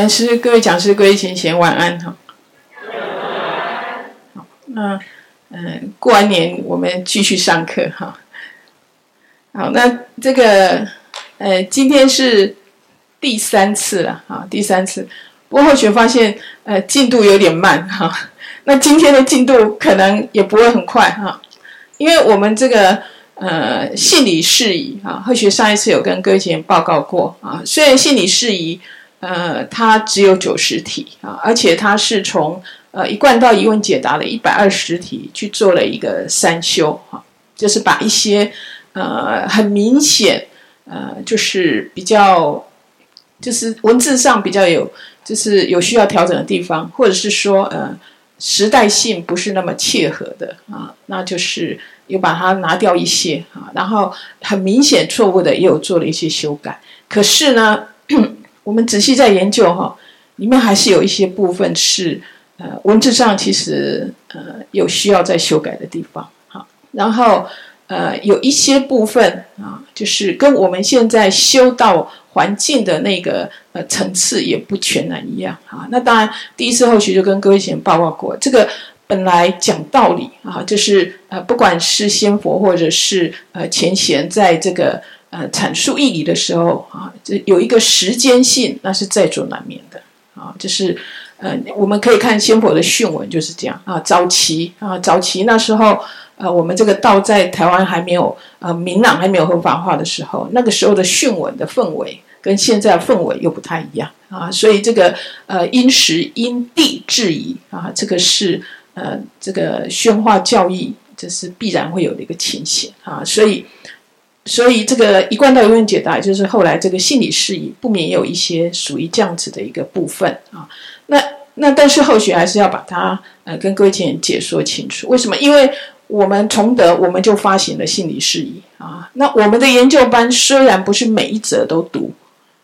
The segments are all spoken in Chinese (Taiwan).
但是各位講師，各位前賢，晚安哈。好，那嗯，過完年我們繼續上課哈。好，那這個呃，今天是第三次了哈，第三次。不過，後學發現呃，進度有點慢哈。那今天的進度可能也不會很快哈，因為我們這個呃性理釋疑啊，後學上一次有跟各位前賢報告過啊，雖然性理釋疑，呃，它只有九十題啊，而且它是從呃一貫道疑問解答的一百二十題去做了一個三修，啊，就是把一些呃很明顯呃就是比較就是文字上比較有就是有需要調整的地方，或者是說呃時代性不是那麼切合的啊，那就是又把它拿掉一些啊，然後很明顯錯誤的也有做了一些修改，可是呢， 我們仔細再研究哈、哦，裡面還是有一些部分是呃文字上其實呃有需要再修改的地方，然後呃有一些部分啊，就是跟我們現在修道環境的那個呃層次也不全然一樣，那當然，第一次後續就跟各位前賢報告過，這個本來講道理啊，就是呃不管是仙佛或者是呃前賢在這個。呃，闡述義理的時候啊，這有一個時間性，那是在所難免的啊。就是呃，我們可以看仙佛的訓文就是這樣啊。早期啊，早期那時候呃、啊，我們這個道在台灣還沒有呃、啊、明朗，還沒有合法化的時候，那個時候的訓文的氛圍跟現在的氛圍又不太一樣啊。所以這個呃，因時因地制宜啊，這個是呃，這個宣化教義，這是必然會有的一個情形啊。所以。所以這個一貫道疑問解答，就是後來這個性理釋疑，不免也有一些屬於這樣子的一個部分啊，那。那那但是後續還是要把它呃跟各位前人解說清楚，為什麼？因為我們崇德，我們就發行了性理釋疑啊。那我們的研究班雖然不是每一則都讀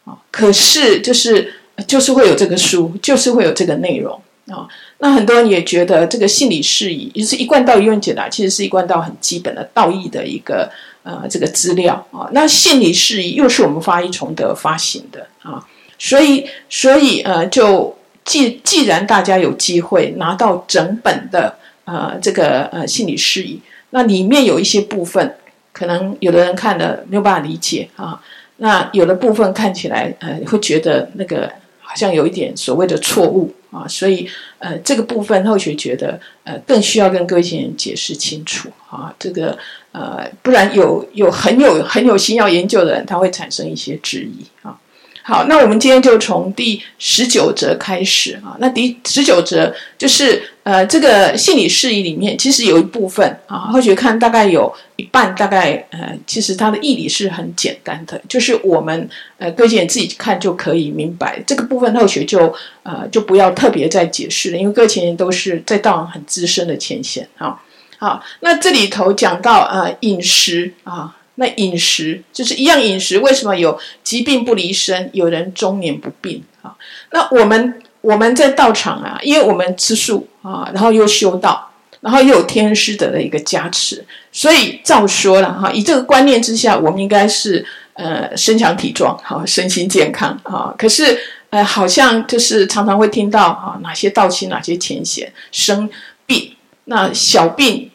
啊，可是就是就是會有這個書，就是會有這個內容啊。那很多人也覺得這個性理釋疑，就是一貫道疑問解答，其實是一貫道很基本的道義的一個。呃，這個資料啊，那性理釋疑又是我們發一崇德發行的啊，所以所以呃，就既既然大家有機會拿到整本的呃這個呃性理釋疑，那裡面有一些部分，可能有的人看了沒有辦法理解啊，那有的部分看起來呃會覺得那個好像有一點所謂的錯誤。啊，所以呃，這個部分後學覺得呃，更需要跟各位先生解釋清楚啊，這個呃，不然有有很有很有心要研究的人，他會產生一些質疑啊。好，那我們今天就從第十九則開始啊。那第十九則就是呃，這個性理釋疑裡面，其實有一部分啊，後學看大概有一半，大概呃，其實它的義理是很簡單的，就是我們呃，各前賢自己看就可以明白。這個部分後學就呃，就不要特別再解釋了，因為各前賢都是在道很資深的前賢啊。好，那這裡頭講到、呃、啊，飲食啊。那飲食就是一樣飲食，為什麼有疾病不離身？有人終年不病啊？那我們我們在道場啊，因為我們吃素啊，然後又修道，然後又有天師的一個加持，所以照說了哈，以這個觀念之下，我們應該是呃身強體壯哈，身心健康哈。可是呃，好像就是常常會聽到啊哪些道親，哪些前賢生病，那小病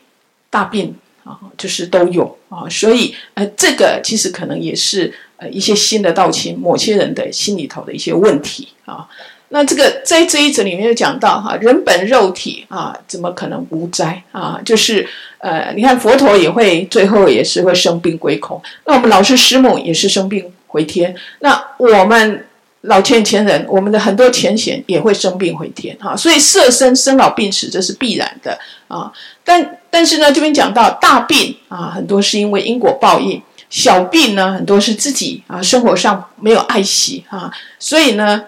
大病。啊、就是都有啊，所以呃，這個其實可能也是呃一些新的道情，某些人的心裡頭的一些問題啊。那這個在這一則裡面有講到哈、啊，人本肉體啊，怎麼可能無災啊？就是呃，你看佛陀也會，最後也是會生病歸空。那我們老師師母也是生病回天。那我們。老前前人，我們的很多前賢也會生病回天，啊、所以色身生老病死這是必然的啊。但但是呢，這邊講到大病啊，很多是因為因果報應，小病呢，很多是自己啊生活上沒有愛惜啊。所以呢，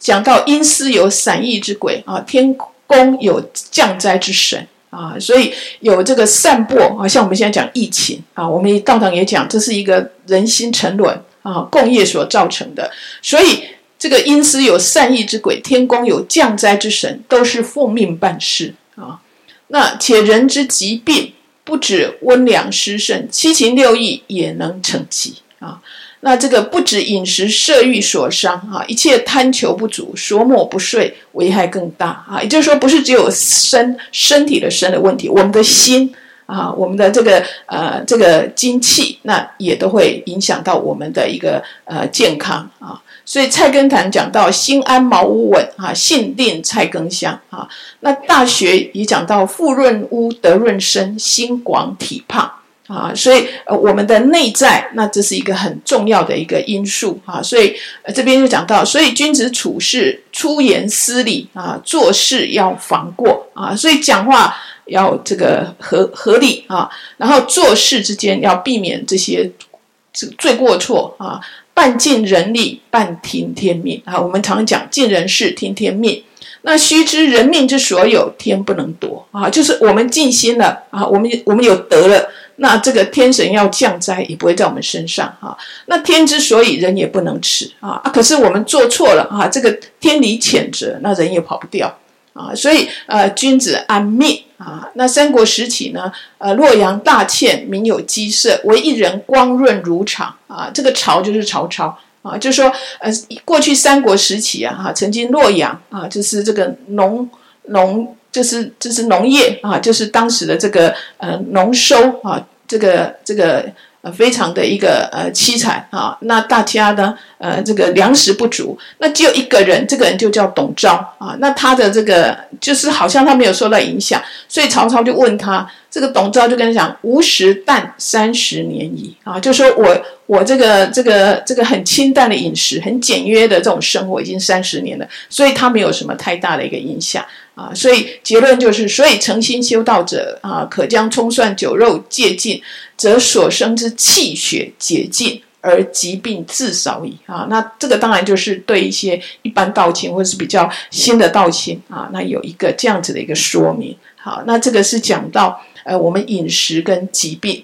講到陰司有散疫之鬼啊，天公有降災之神啊，所以有這個散播啊，像我們現在講疫情啊，我們道場也講，這是一個人心沉淪。啊，共業所造成的，所以這個陰司有善意之鬼，天宮有降災之神，都是奉命辦事啊。那且人之疾病不止溫涼失慎，七情六欲也能成疾啊。那這個不止飲食色欲所傷啊，一切貪求不足、所謀不遂，危害更大啊。也就是說，不是只有身身體的身的問題，我們的心。啊，我們的這個呃，這個精氣，那也都會影響到我們的一個呃健康啊。所以菜根譚講到“心安茅屋穩，啊，性定菜根香”啊。那《大學》也講到“富潤屋，德潤身，心廣體胖”啊。所以，呃，我們的內在，那這是一個很重要的一個因素啊。所以這邊就講到，所以君子處事，出言思理啊，做事要防過啊。所以講話，要這個合合理啊，然後做事之間要避免這些這個罪過錯啊，半盡人力，半聽天命啊。我們常講盡人事，聽天命。那須知人命之所有，天不能奪啊。就是我們盡心了啊，我們我們有德了，那這個天神要降災，也不會在我們身上哈、啊。那天之所以人也不能遲啊,啊，可是我們做錯了啊，這個天理譴責，那人也跑不掉啊。所以呃，君子安命。啊，那三國時期呢？呃，洛陽大歉，民有飢色，唯一人光潤如常。啊，這個曹就是曹操啊，就說，呃，過去三國時期啊，哈、啊，曾經洛陽啊，就是這個農農，就是就是農業啊，就是當時的這個呃農收啊，這個這個。呃，非常的一個呃淒慘啊！那大家呢？呃，這個糧食不足，那只有一個人，這個人就叫董昭啊。那他的這個就是好像他沒有受到影響，所以曹操就問他，這個董昭就跟他講：“吾食淡三十年矣啊，就說我我這個這個這個很清淡的飲食，很簡約的這種生活已經三十年了，所以他沒有什麼太大的一個影響。”啊，所以結論就是，所以誠心修道者啊，可將蔥蒜酒肉戒盡，則所生之氣血潔淨，而疾病自少矣啊。那這個當然就是對一些一般道親或是比較新的道親啊，那有一個這樣子的一個說明。好，那這個是講到呃，我們飲食跟疾病。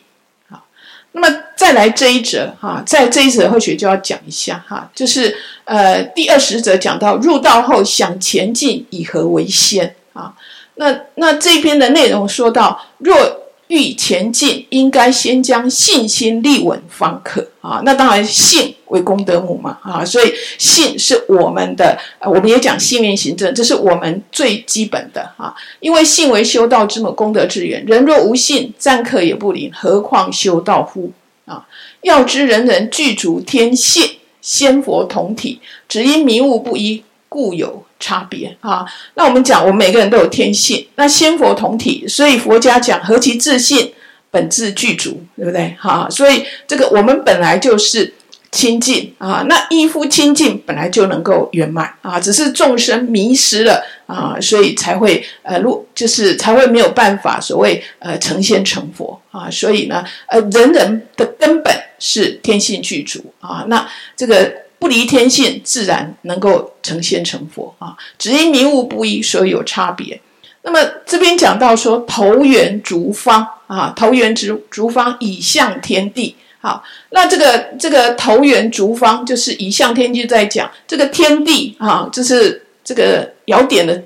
那麼再來這一則哈，啊、在這一則或許就要講一下哈、啊，就是呃第二十則講到入道後想前進以何為先啊？那那這邊的內容說到若。欲前進，應該先將信心立穩方可啊！那當然，信為功德母嘛啊！所以信是我們的，我們也講信念行政，這是我們最基本的啊！因為信為修道之母，功德之源。人若無信，占課也不靈，何況修道乎？啊！要知人人具足天性，仙佛同體，只因迷悟不一，故有。差別啊，那我們講，我們每個人都有天性。那仙佛同體，所以佛家講何其自性，本自具足，對不對？哈、啊，所以這個我們本來就是清淨啊，那依夫清淨本來就能夠圓滿啊，只是眾生迷失了啊，所以才會呃，如就是才會沒有辦法，所謂呃成仙成佛啊。所以呢，呃，人人的根本是天性具足啊，那這個。不離天性，自然能夠成仙成佛啊！只因迷悟不一，所以有差別。那麼這邊講到說，頭圓足方啊，頭圓足足方以象天地。好，那這個這個頭圓足方就是以象天地在，在講這個天地啊，就是這個點的《堯典》的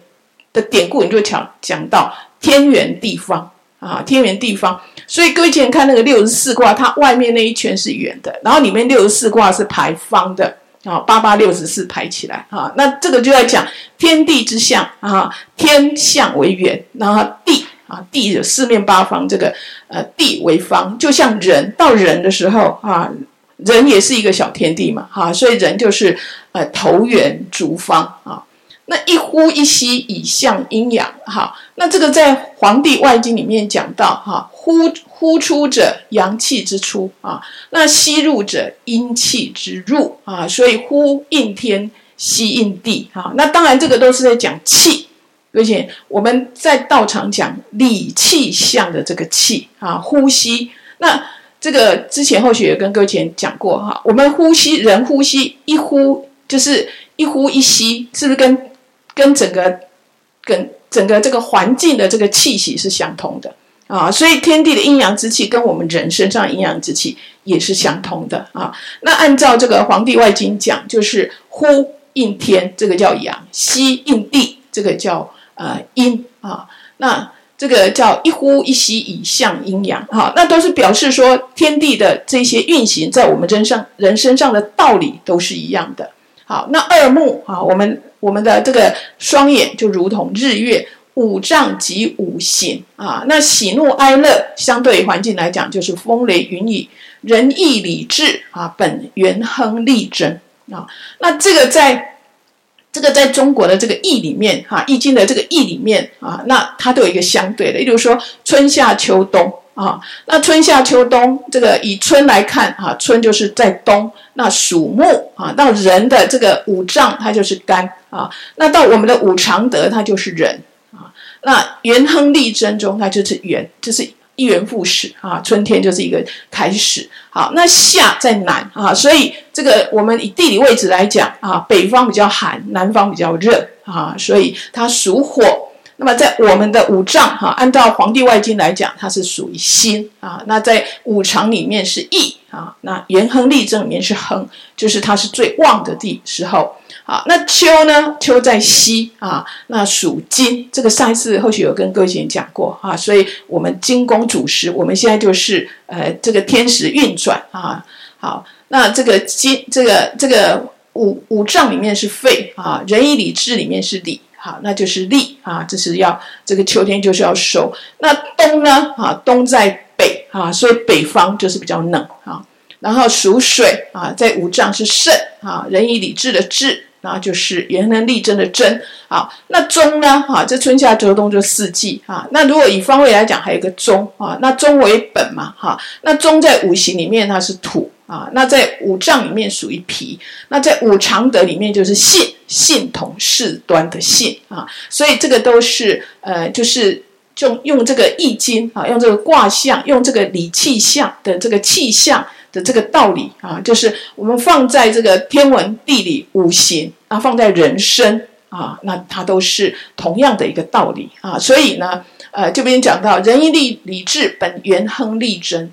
的典故，你就講講到天圓地方啊，天圓地方。所以各位之前看那個六十四卦，它外面那一圈是圓的，然後裡面六十四卦是排方的。啊、哦，八八六十四排起來，哈、啊，那這個就在講天地之象啊，天象為圓，然後地啊，地有四面八方，這個呃地為方，就像人到人的時候啊，人也是一個小天地嘛，哈、啊，所以人就是呃頭圓足方啊。那一呼一吸以象陰陽，哈，那這個在《黃帝外經》裡面講到，哈，呼呼出者陽氣之出啊，那吸入者陰氣之入啊，所以呼應天，吸應地，哈，那當然這個都是在講氣，而且我們在道場講理氣象的這個氣啊，呼吸，那這個之前後學跟各位前講過哈，我們呼吸，人呼吸一呼就是一呼一吸，是不是跟跟整個、跟整個這個環境的這個氣息是相通的啊，所以天地的陰陽之氣跟我們人身上陰陽之氣也是相通的啊。那按照這個《黃帝外經》講，就是呼應天，這個叫陽；吸應地，這個叫呃陰啊。那這個叫一呼一吸以象陰陽，哈、啊，那都是表示說天地的這些運行在我們身上人身上的道理都是一樣的。好，那二目啊，我們我們的這個雙眼就如同日月，五臟及五行啊。那喜怒哀樂，相對於環境來講，就是風雷雲雨，仁義禮智啊，本元亨利貞啊。那這個在，這個在中國的這個易裡面哈，易經的這個易裡面啊，那它都有一個相對的，也就是說春夏秋冬。啊，那春夏秋冬，這個以春來看啊，春就是在東，那屬木啊，到人的這個五臟，它就是肝啊，那到我們的五常德，它就是仁，啊，那元亨利貞中，它就是元，就是一元復始啊，春天就是一個開始好，啊，那夏在南啊，所以這個我們以地理位置來講啊，北方比較寒，南方比較熱啊，所以它屬火。那麼，在我們的五臟哈，按照《黃帝外經》來講，它是屬於心啊。那在五常裡面是義啊。那元亨利貞裡面是亨，就是它是最旺的地時候啊。那秋呢？秋在西啊，那屬金。這個上一次或許有跟各位講過哈、啊。所以，我們金公主事，我們現在就是呃，這個天時運轉啊。好，那這個金，這個這個五五臟裡面是肺啊。仁義禮智裡面是禮。好，那就是利啊，這是要這個秋天就是要收。那冬呢？啊，冬在北啊，所以北方就是比較冷啊。然後屬水啊，在五臟是腎啊。仁義禮智的智然後、啊、就是元亨利貞的貞啊。那中呢？哈、啊，這春夏秋冬就四季啊。那如果以方位來講，還有個中啊。那中為本嘛哈、啊。那中在五行裡面它是土。啊，那在五臟裡面屬於脾，那在五常德裡面就是信，信同事端的信啊，所以這個都是呃，就是就用用這個易經啊，用這個卦象，用這個理氣象的這個氣象的這個道理啊，就是我們放在這個天文地理五行啊，放在人身啊，那它都是同樣的一個道理啊，所以呢，呃，這邊講到仁義禮理智本元亨利貞。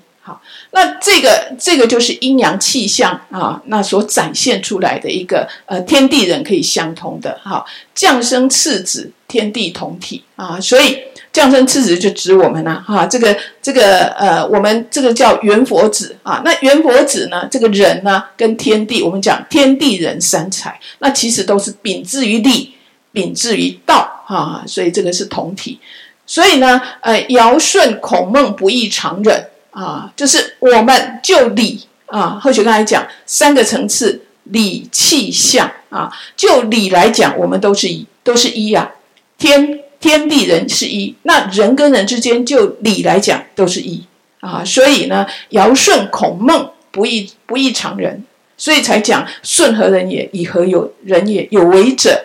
那這個這個就是陰陽氣象啊，那所展現出來的一個呃天地人可以相通的哈、啊，降生赤子，天地同體啊，所以降生赤子就指我們了、啊、哈、啊，這個這個呃，我們這個叫原佛子啊，那原佛子呢，這個人呢，跟天地，我們講天地人三才，那其實都是秉至於理，秉至於道哈、啊，所以這個是同體，所以呢，呃，堯舜孔孟不異常人。啊，就是我們就理啊，或許剛才講三個層次，理、氣、象啊。就理來講，我們都是一，都是一呀、啊。天、天地、人是一，那人跟人之間就理來講都是一啊。所以呢，堯舜孔孟不異不異常人，所以才講舜何人也，予何有人也？有為者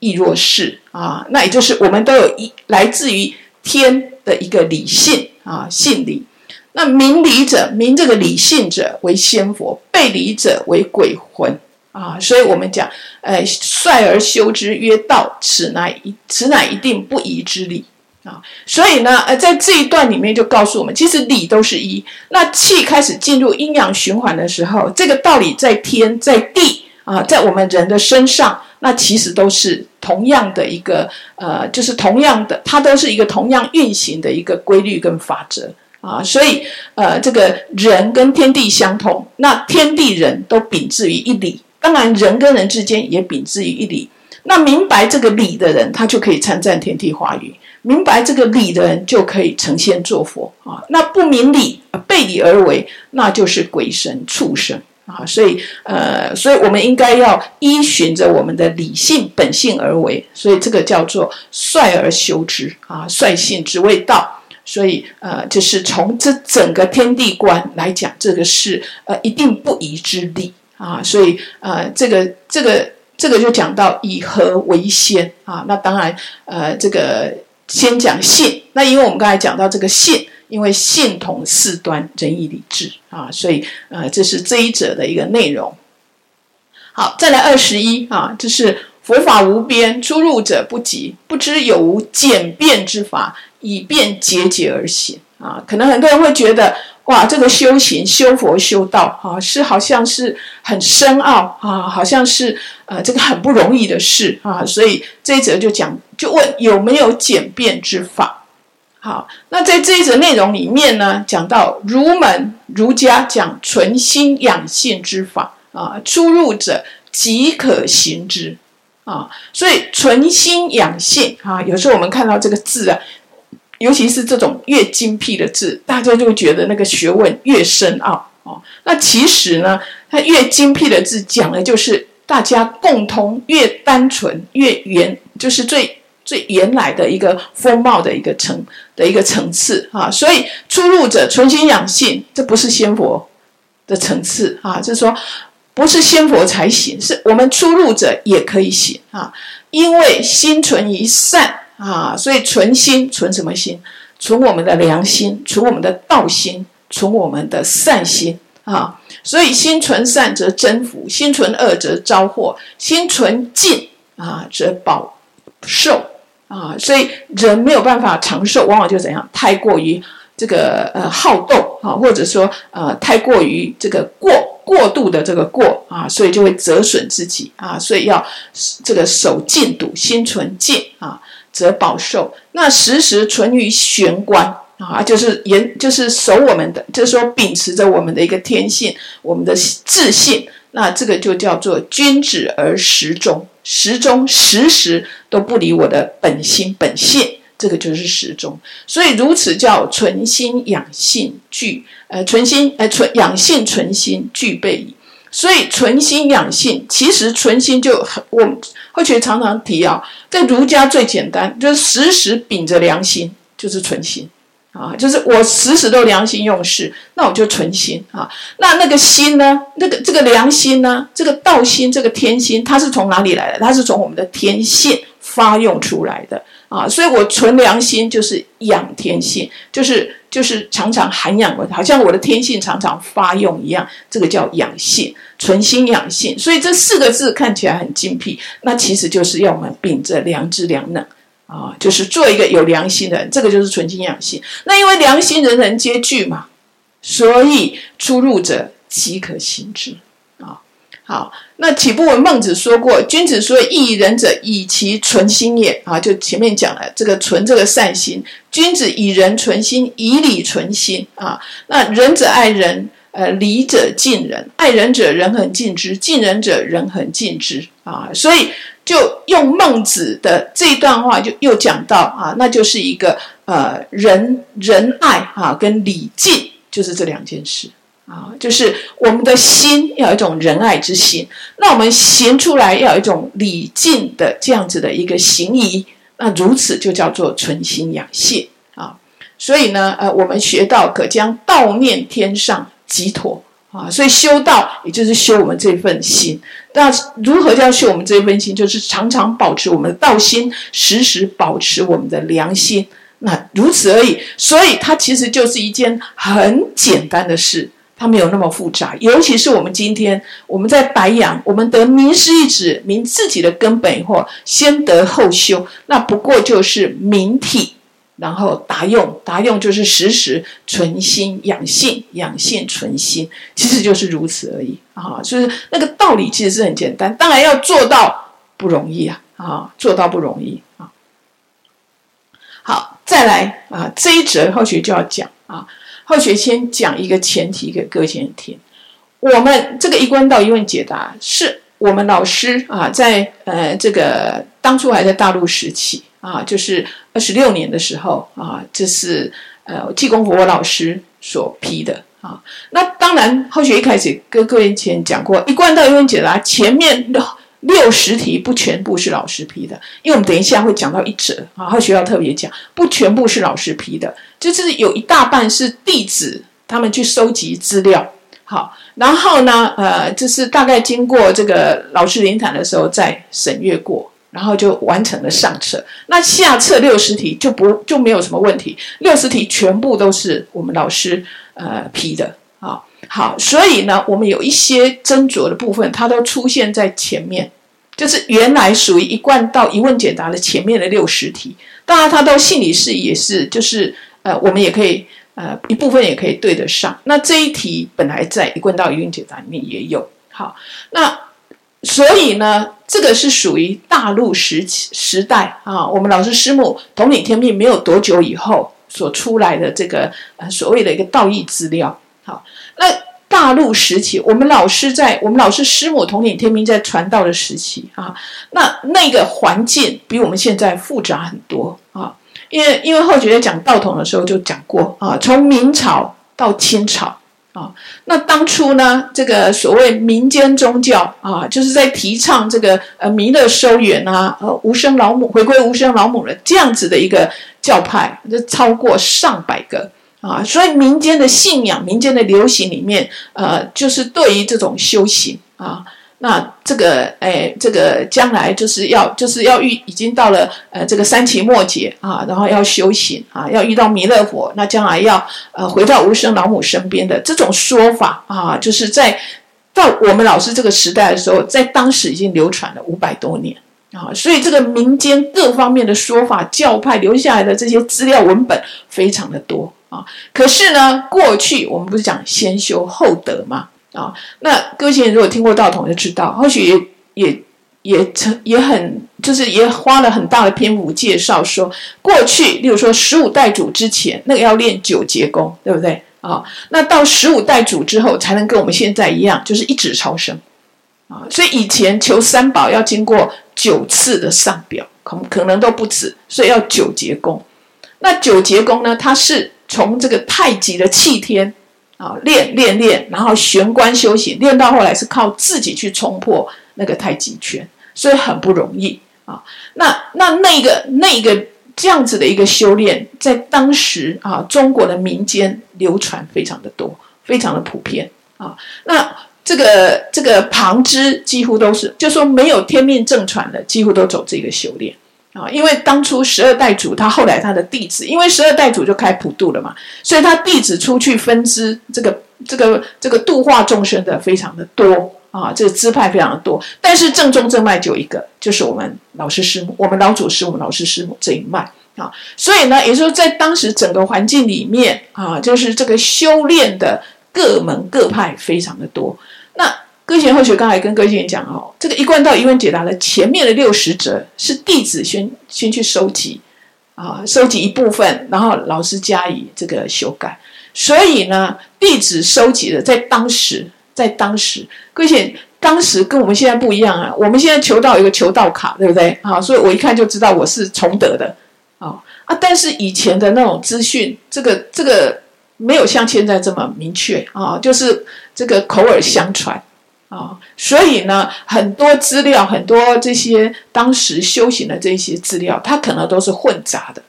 亦若是啊。那也就是我們都有一來自於天的一個理性啊，性理。那明理者，明這個理性者為仙佛；背理者為鬼魂啊。所以我們講，呃、欸，率而修之曰道，此乃一，此乃一定不移之理啊。所以呢，呃，在這一段裡面就告訴我們，其實理都是一。那氣開始進入陰陽循環的時候，這個道理在天在地啊，在我們人的身上，那其實都是同樣的一個呃，就是同樣的，它都是一個同樣運行的一個規律跟法則。啊，所以呃，這個人跟天地相同，那天地人都秉至於一理，當然人跟人之間也秉至於一理。那明白這個理的人，他就可以參贊天地化育。明白這個理的人，就可以成仙做佛啊。那不明理、呃、背理而為，那就是鬼神畜生啊。所以呃，所以我們應該要依循着我們的理性本性而為，所以這個叫做率而修之啊，率性之謂道。所以，呃，就是從這整個天地觀來講，這個是呃一定不移之理啊。所以，呃，這個這個這個就講到以和為先啊。那當然，呃，這個先講信。那因為我們剛才講到這個信，因為信同四端仁義禮智啊，所以呃，這是這一者的一個內容。好，再來二十一啊，這、就是佛法無邊，初入者不及，不知有無簡便之法。以便節節而行啊！可能很多人會覺得，哇，這個修行、修佛、修道，哈、啊，是好像是很深奧、啊、好像是呃，這個很不容易的事，啊、所以這一則就講，就問有沒有簡便之法？好，那在這一則內容裡面呢，講到儒門儒家講存心養性之法啊，初入者即可行之啊。所以存心養性啊，有時候我們看到這個字啊。尤其是這種越精闢的字，大家就會覺得那個學問越深奧哦。那其實呢，它越精闢的字講的就是大家共同越單純越原，就是最最原來的一個風貌的一個層的一個層次啊。所以初入者存心養性，這不是仙佛的層次啊，就是說不是仙佛才行，是我們初入者也可以行啊，因為心存一善。啊，所以存心存什麼心？存我們的良心，存我們的道心，存我們的善心啊。所以心存善則增福，心存惡則招禍，心存靜啊則保壽啊。所以人沒有辦法長壽，往往就怎樣？太過於這個呃好鬥啊，或者說呃太過於這個過過度的這個過啊，所以就會折損自己啊。所以要這個守靜篤，心存靜啊。則保壽。那時時存於玄關啊，就是嚴，就是守我們的，就是說秉持着我們的一個天性，我們的自性。那這個就叫做君子而時中，時中時時都不離我的本心本性，這個就是時中。所以如此叫存心養性具，呃，存心，呃，存養性存心具備矣。所以存心養性，其實存心就很我，會覺得常常提啊，在儒家最簡單，就是時時秉着良心，就是存心，啊，就是我時時都良心用事，那我就存心啊。那那個心呢，那個這個良心呢，這個道心，這個天心，它是從哪裡來的？它是從我們的天性發用出來的。啊，所以我存良心就是養天性，就是就是常常涵養我，好像我的天性常常發用一樣，這個叫養性，存心養性。所以這四個字看起來很精闢，那其實就是要我們秉着良知良能啊，就是做一個有良心的人，這個就是存心養性。那因為良心人人皆具嘛，所以初入者即可行之。好，那豈不聞孟子說過？君子所以異於人者，以其存心也。啊，就前面講了這個存這個善心。君子以仁存心，以禮存心。啊，那仁者愛人，呃，禮者敬人。愛人者，人恆敬之；敬人者，人恆敬之。啊，所以就用孟子的這一段話，就又講到啊，那就是一個呃仁仁愛哈、啊，跟禮敬，就是這兩件事。啊，就是我們的心要有一種仁愛之心，那我們行出來要有一種禮敬的這樣子的一個行儀，那如此就叫做存心養性啊。所以呢，呃，我們學道可將道念天上寄託啊。所以修道也就是修我們這份心。那如何叫修我們這份心？就是常常保持我們的道心，時時保持我們的良心，那如此而已。所以它其實就是一件很簡單的事，它沒有那麼複雜，尤其是我們今天我們在白陽我們得明師一指明自己的根本以後，先得後修，那不過就是明體，然後達用，達用就是時時存心養性，養性存心，其實就是如此而已啊，所以那個道理，其實是很簡單，當然要做到不容易啊，啊，做到不容易啊。好，再來啊，這一則後續就要講啊。後學先講一個前提，給各位聽。我們這個一貫道疑問解答，是我們老師啊，在呃這個當初還在大陸時期啊，就是二十六年的時候啊，這是呃濟公活佛我老師所批的啊。那當然，後學一開始跟各位先講過，一貫道疑問解答前面。六十題不全部是老師批的，因為我們等一下會講到一則啊，然後學校特別講，不全部是老師批的，就是有一大半是弟子，他們去收集資料，好，然後呢，呃，就是大概經過這個老師臨壇的時候再審閱過，然後就完成了上冊。那下冊六十題就不就沒有什麼問題，六十題全部都是我們老師呃批的啊。好。好，所以呢，我們有一些斟酌的部分，它都出現在前面，就是原來屬於一貫道疑問解答的前面的六十題。當然，它都性理釋疑也是，就是呃，我們也可以呃一部分也可以對得上。那這一題本來在一貫道疑問解答裡面也有。好，那所以呢，這個是屬於大陸時期時代啊，我們老師師母同領天命沒有多久以後所出來的這個呃所謂的一個道義資料。好，那大陸時期，我們老師在我們老師師母同領天命在傳道的時期啊，那那個環境比我們現在複雜很多啊，因為因為後學在講道統的時候就講過啊，從明朝到清朝啊，那當初呢，這個所謂民間宗教啊，就是在提倡這個呃彌勒收元啊，呃無生老母回歸無生老母的這樣子的一個教派，就超過上百個。啊，所以民間的信仰、民間的流行裡面，呃，就是對於這種修行啊，那這個哎、欸，這個將來就是要就是要遇，已經到了呃這個三期末劫啊，然後要修行啊，要遇到彌勒佛，那將來要呃回到無生老母身邊的這種說法啊，就是在到我們老師這個時代的時候，在當時已經流傳了五百多年啊，所以這個民間各方面的說法、教派留下來的這些資料文本非常的多。啊，可是呢，過去我們不是講先修後得嗎？啊，那各位先生如果聽過道統，就知道，或許也也也也很就是也花了很大的篇幅介紹說，過去例如說十五代祖之前，那個要練九節功，對不對？啊，那到十五代祖之後，才能跟我們現在一樣，就是一指超生啊。所以以前求三寶要經過九次的上表，可可能都不止，所以要九節功。那九節功呢，它是。從這個太極的氣天啊練練練，然後玄關修行，練到後來是靠自己去衝破那個太極圈，所以很不容易啊。那那那個那一個這樣子的一個修煉，在當時啊，中國的民間流傳非常的多，非常的普遍啊。那這個這個旁支幾乎都是，就說沒有天命正傳的，幾乎都走這個修煉。啊，因為當初十二代祖他後來他的弟子，因為十二代祖就開普渡了嘛，所以他弟子出去分支這個這個這個度化眾生的非常的多啊，這個支派非常的多，但是正宗正脈就一個，就是我們老師師母，我們老祖師我們老師師母這一脈啊，所以呢，也就是說在當時整個環境裡面啊，就是這個修煉的各門各派非常的多。各位賢後學剛才跟各位賢講哦，這個一貫道疑問解答的前面的六十則，是弟子先先去收集啊，收集一部分，然後老師加以這個修改。所以呢，弟子收集的在當時，在當時，各位賢當時跟我們現在不一樣啊。我們現在求道有一個求道卡，對不對？啊，所以我一看就知道我是崇德的啊，啊。但是以前的那種資訊，這個這個沒有像現在這麼明確啊，就是這個口耳相傳。啊、哦，所以呢，很多資料，很多這些當時修行的這些資料，它可能都是混雜的，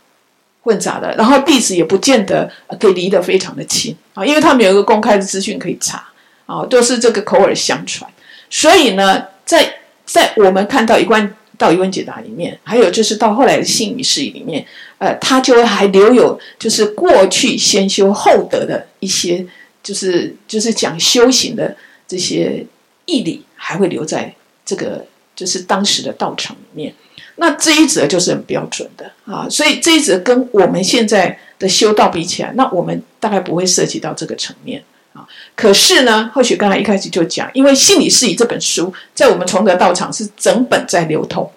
混雜的，然後弟子也不見得可以離得非常的清，啊、哦，因為他們有一個公開的資訊可以查啊、哦，都是這個口耳相傳，所以呢，在在我們看到《一貫道疑問解答》裡面，還有就是到後來的《性理釋疑》裡面，呃，他就還留有就是過去先修後得的一些、就是，就是就是講修行的這些。義理還會留在這個，就是當時的道場裡面。那這一則就是很標準的啊，所以這一則跟我們現在的修道比起來，那我們大概不會涉及到這個層面啊。可是呢，或許剛才一開始就講，因為《性理釋疑》這本書在我們崇德道場是整本在流通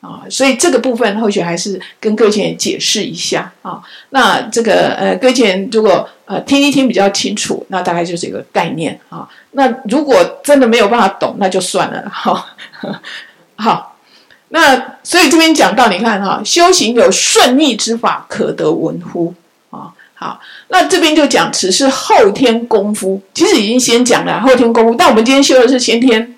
啊，所以這個部分或許還是跟各位前解釋一下啊。那這個呃，各位前如果，呃，聽一聽比較清楚，那大概就是一個概念啊、哦。那如果真的沒有辦法懂，那就算了哈。好，那所以這邊講到，你看哈、哦，修行有順逆之法，可得聞乎？啊、哦，好，那這邊就講此是後天功夫，其實已經先講了後天功夫。但我們今天修的是先天，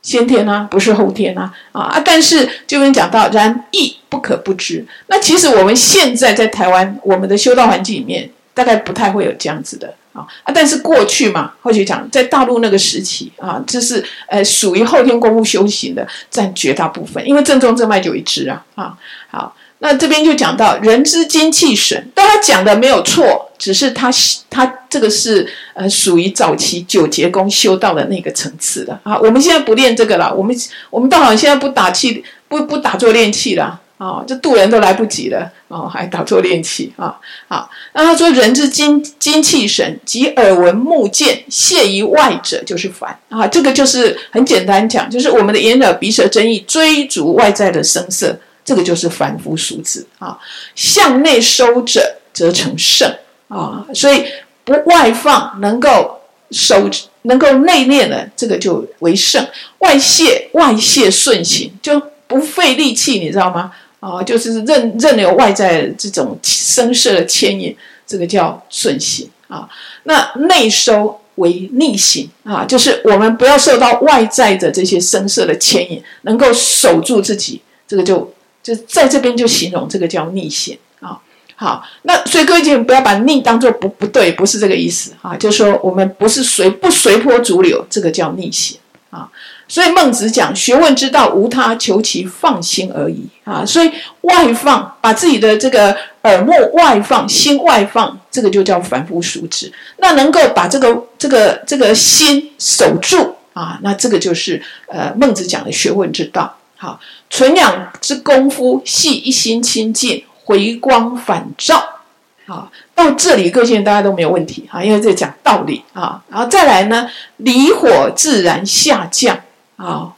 先天啊，不是後天啊，啊啊！但是這邊講到，然亦不可不知。那其實我們現在在台灣，我們的修道環境裡面，大概不太會有這樣子的啊，但是過去嘛，或許講在大陸那個時期啊，這是呃屬於後天功夫修行的佔絕大部分，因為正宗正脈，就一支啊啊！好，那這邊就講到人之精氣神，但他講的沒有錯，只是他他這個是呃屬於早期九節功修道的那個層次的啊。我們現在不練這個了，我們我們倒好，現在不打氣不不打坐練氣了。啊，這渡、哦、人都來不及了，哦，還打坐練氣、哦、啊，好。那他說：“人之精精氣神及耳聞目見泄於外者，就是凡啊。這個就是很簡單講，就是我們的眼耳鼻舌身意追逐外在的聲色，這個就是凡夫俗子啊。向內收者，則成聖啊。所以不外放，能夠收，能夠內斂了，這個就為聖。外泄，外泄順行，就不費力氣，你知道嗎？”啊，就是任任由外在的這種聲色的牽引，這個叫順行啊。那內收為逆行啊，就是我們不要受到外在的這些聲色的牽引，能夠守住自己，這個就就在這邊就形容這個叫逆行啊。好，那所以各位已經不要把逆當做不不對，不是這個意思啊，就是說我們不是隨不隨波逐流，這個叫逆行啊。所以孟子講學問之道無他，求其放心而已啊。所以外放，把自己的這個耳目外放，心外放，這個就叫凡夫俗子。那能夠把這個這個這個心守住啊，那這個就是呃孟子講的學問之道。好、啊，存養之功夫係一心清淨，回光返照。好、啊，到這裡各位大家都沒有問題啊，因為這講道理啊。然後再來呢，離火自然下降。好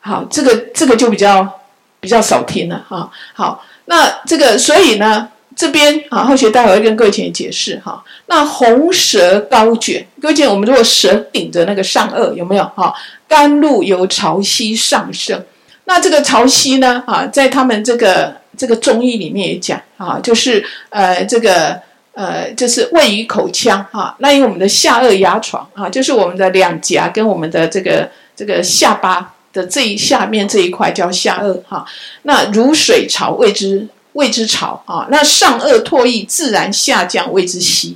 好，這個這個就比較比較少聽了哈、啊。好，那這個所以呢，這邊啊，後學待會會跟各位前輩解釋哈、啊。那紅舌高卷，各位前輩我們如果舌頂着那個上顎有沒有？哈、啊，甘露由潮汐上升，那這個潮汐呢？啊，在他們這個這個中醫裡面也講啊，就是呃，這個呃，就是位於口腔啊，那因為我們的下顎牙床啊，就是我們的兩頰跟我們的這個。這個下巴的這一下面這一塊叫下顎哈，那如水未知未知潮謂之謂之潮啊，那上顎唾液自然下降謂之汐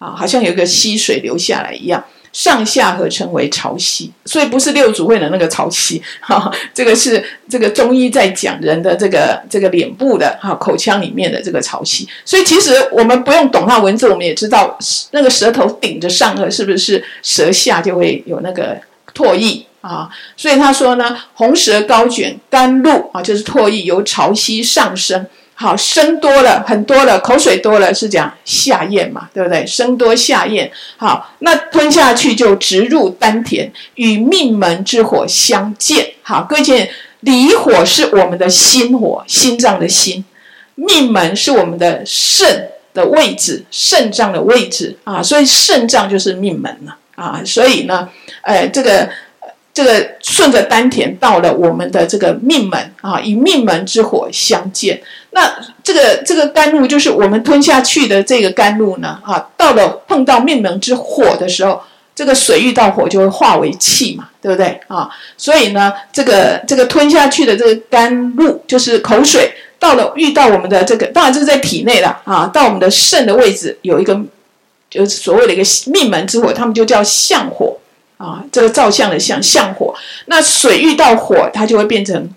啊，好像有一個溪水流下來一樣，上下合稱為潮汐，所以不是六祖慧能那個潮汐，這個是這個中醫在講人的這個這個臉部的哈口腔裡面的這個潮汐，所以其實我們不用懂那文字，我們也知道那個舌頭頂着上顎是不是舌下就會有那個唾液？啊，所以他說呢，紅舌高卷甘露啊，就是唾液由潮汐上升，好，升多了很多了，口水多了是講下咽嘛，對不對？升多下咽，好，那吞下去就直入丹田，與命門之火相見。好，可見離火是我們的心火，心臟的心，命門是我們的腎的位置，腎臟的位置啊，所以腎臟就是命門了啊，啊，所以呢，呃、哎，這個。這個順着丹田到了我們的這個命門啊，以命門之火相見，那這個這個甘露就是我們吞下去的這個甘露呢，啊，到了碰到命門之火的時候，這個水遇到火就會化為氣嘛，對不對啊？所以呢，這個這個吞下去的這個甘露就是口水，到了遇到我們的這個，當然這是在體內了啊，到我們的腎的位置有一個，就是所謂的一個命門之火，他們就叫相火。啊，這個照相的相，相火，那水遇到火，它就會變成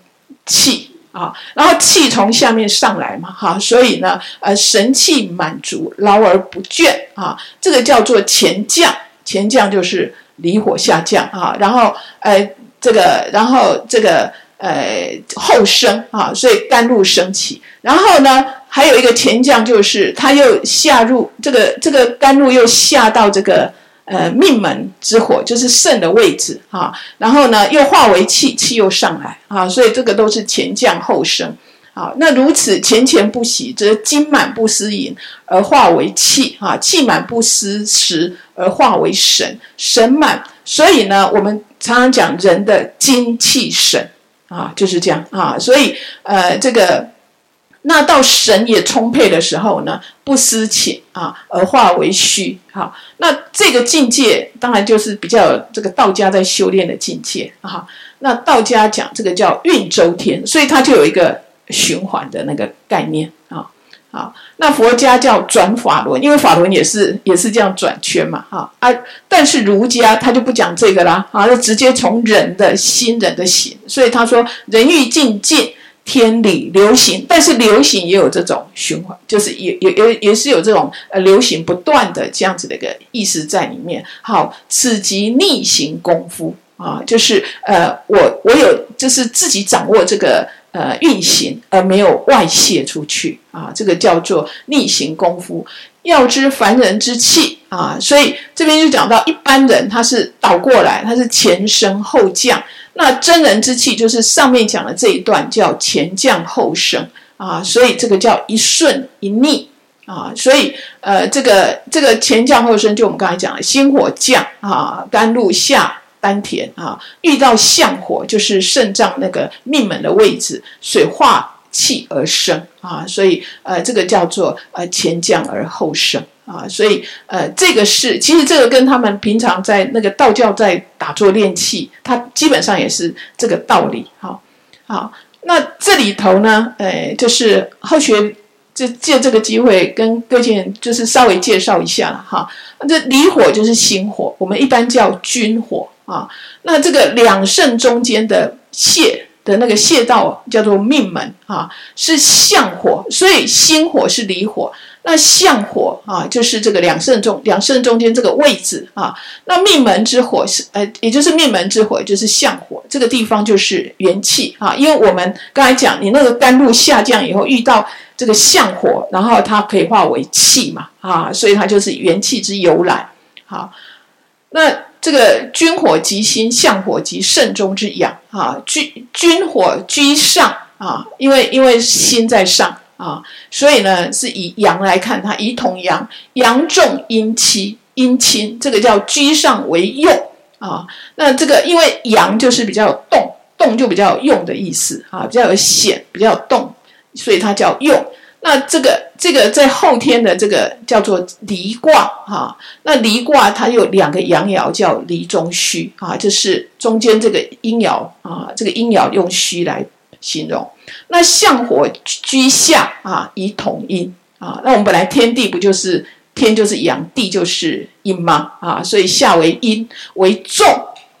氣啊，然後氣從下面上來嘛，哈、啊，所以呢，呃，神氣滿足，勞而不倦啊，這個叫做前降，前降就是離火下降啊，然後，呃，這個，然後這個，呃，後升啊，所以甘露升起，然後呢，還有一個前降就是它又下入這個這個甘露又下到這個。呃，命門之火就是腎的位置哈、啊，然後呢，又化為氣，氣又上來啊，所以這個都是前降後升啊。那如此前前，乾乾不息則精滿不思淫而化為氣啊，氣滿不思食而化為神，神滿，所以呢，我們常常講人的精氣神啊，就是這樣啊。所以呃，這個。那到神也充沛的時候呢，不思己啊，而化為虛。那這個境界當然就是比較這個道家在修煉的境界。那道家講這個叫運周天，所以他就有一個循環的那個概念啊。好，那佛家叫轉法輪，因為法輪也是也是這樣轉圈嘛。啊，但是儒家他就不講這個啦。啊，就直接從人的心、人的行，所以他說人欲淨盡，天理流行，但是流行也有這種循環，就是也也也也是有這種呃流行不斷的這樣子的一個意思在裡面。好，此即逆行功夫啊，就是呃我我有就是自己掌握這個呃運行而沒有外洩出去啊，這個叫做逆行功夫。要知凡人之氣啊，所以這邊就講到一般人他是倒過來，他是前升後降。那真人之氣就是上面講的這一段，叫前降後升啊，所以這個叫一順一逆啊，所以呃，這個這個前降後升，就我們剛才講了，心火降啊，甘露下丹田啊，遇到相火就是腎臟那個命門的位置，水化氣而生啊，所以呃，這個叫做呃前降而後升。啊，所以呃，這個是其實這個跟他們平常在那個道教在打坐練氣，它基本上也是這個道理。好，好，那這裡頭呢，哎、呃，就是後學就借這個機會跟各位就是稍微介紹一下了哈。這離火就是心火，我們一般叫君火啊。那這個兩腎中間的穴的那個穴道叫做命門啊，是相火，所以心火是離火。那相火啊，就是這個兩腎中兩腎中間這個位置啊。那命門之火是呃，也就是命門之火，就是相火。這個地方就是元氣啊，因為我們剛才講，你那個甘露下降以後，遇到這個相火，然後它可以化為氣嘛啊，所以它就是元氣之由來。好，那這個君火即心，相火即腎中之陽啊，君君火居上啊，因為因為心在上。啊，所以呢，是以陽來看它，以同陽，陽重陰輕，陰輕，這個叫居上為用啊。那這個因為陽就是比較有動，動就比較有用的意思啊，比較有顯，比較有動，所以它叫用。那這個這個在後天的這個叫做離卦啊。那離卦它有兩個陽爻叫離中虛啊，就是中間這個陰爻啊，這個陰爻用虛來形容。那相火居下啊，以統陰啊。那我們本來天地不就是天就是陽，地就是陰嗎？啊，所以下為陰為重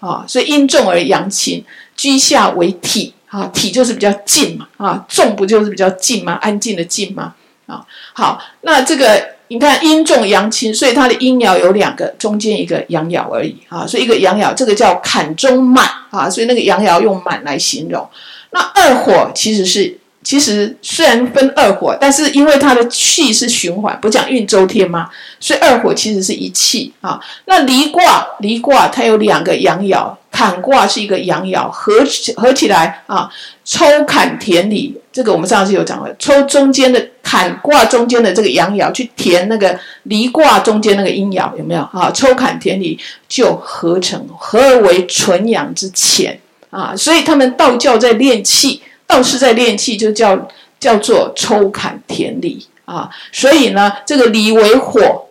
啊，所以陰重而陽輕，居下為體啊，體就是比較靜嘛啊，重不就是比較靜嗎？安靜的靜嗎？啊，好，那這個你看陰重陽輕，所以它的陰爻有兩個，中間一個陽爻而已啊，所以一個陽爻，這個叫坎中滿啊，所以那個陽爻用滿來形容。那二火其實是，其實雖然分二火，但是因為它的氣是循環，不講運周天嘛？所以二火其實是一氣啊。那離卦，離卦它有兩個陽爻，坎卦是一個陽爻，合合起來啊，抽坎填離。這個我們上次有講過，抽中間的坎卦中間的這個陽爻去填那個離卦中間那個陰爻，有沒有啊？抽坎填離，就合成，合而為純陽之乾。啊，所以他們道教在練氣，道士在練氣，就叫叫做抽坎填離啊。所以呢，這個離為火，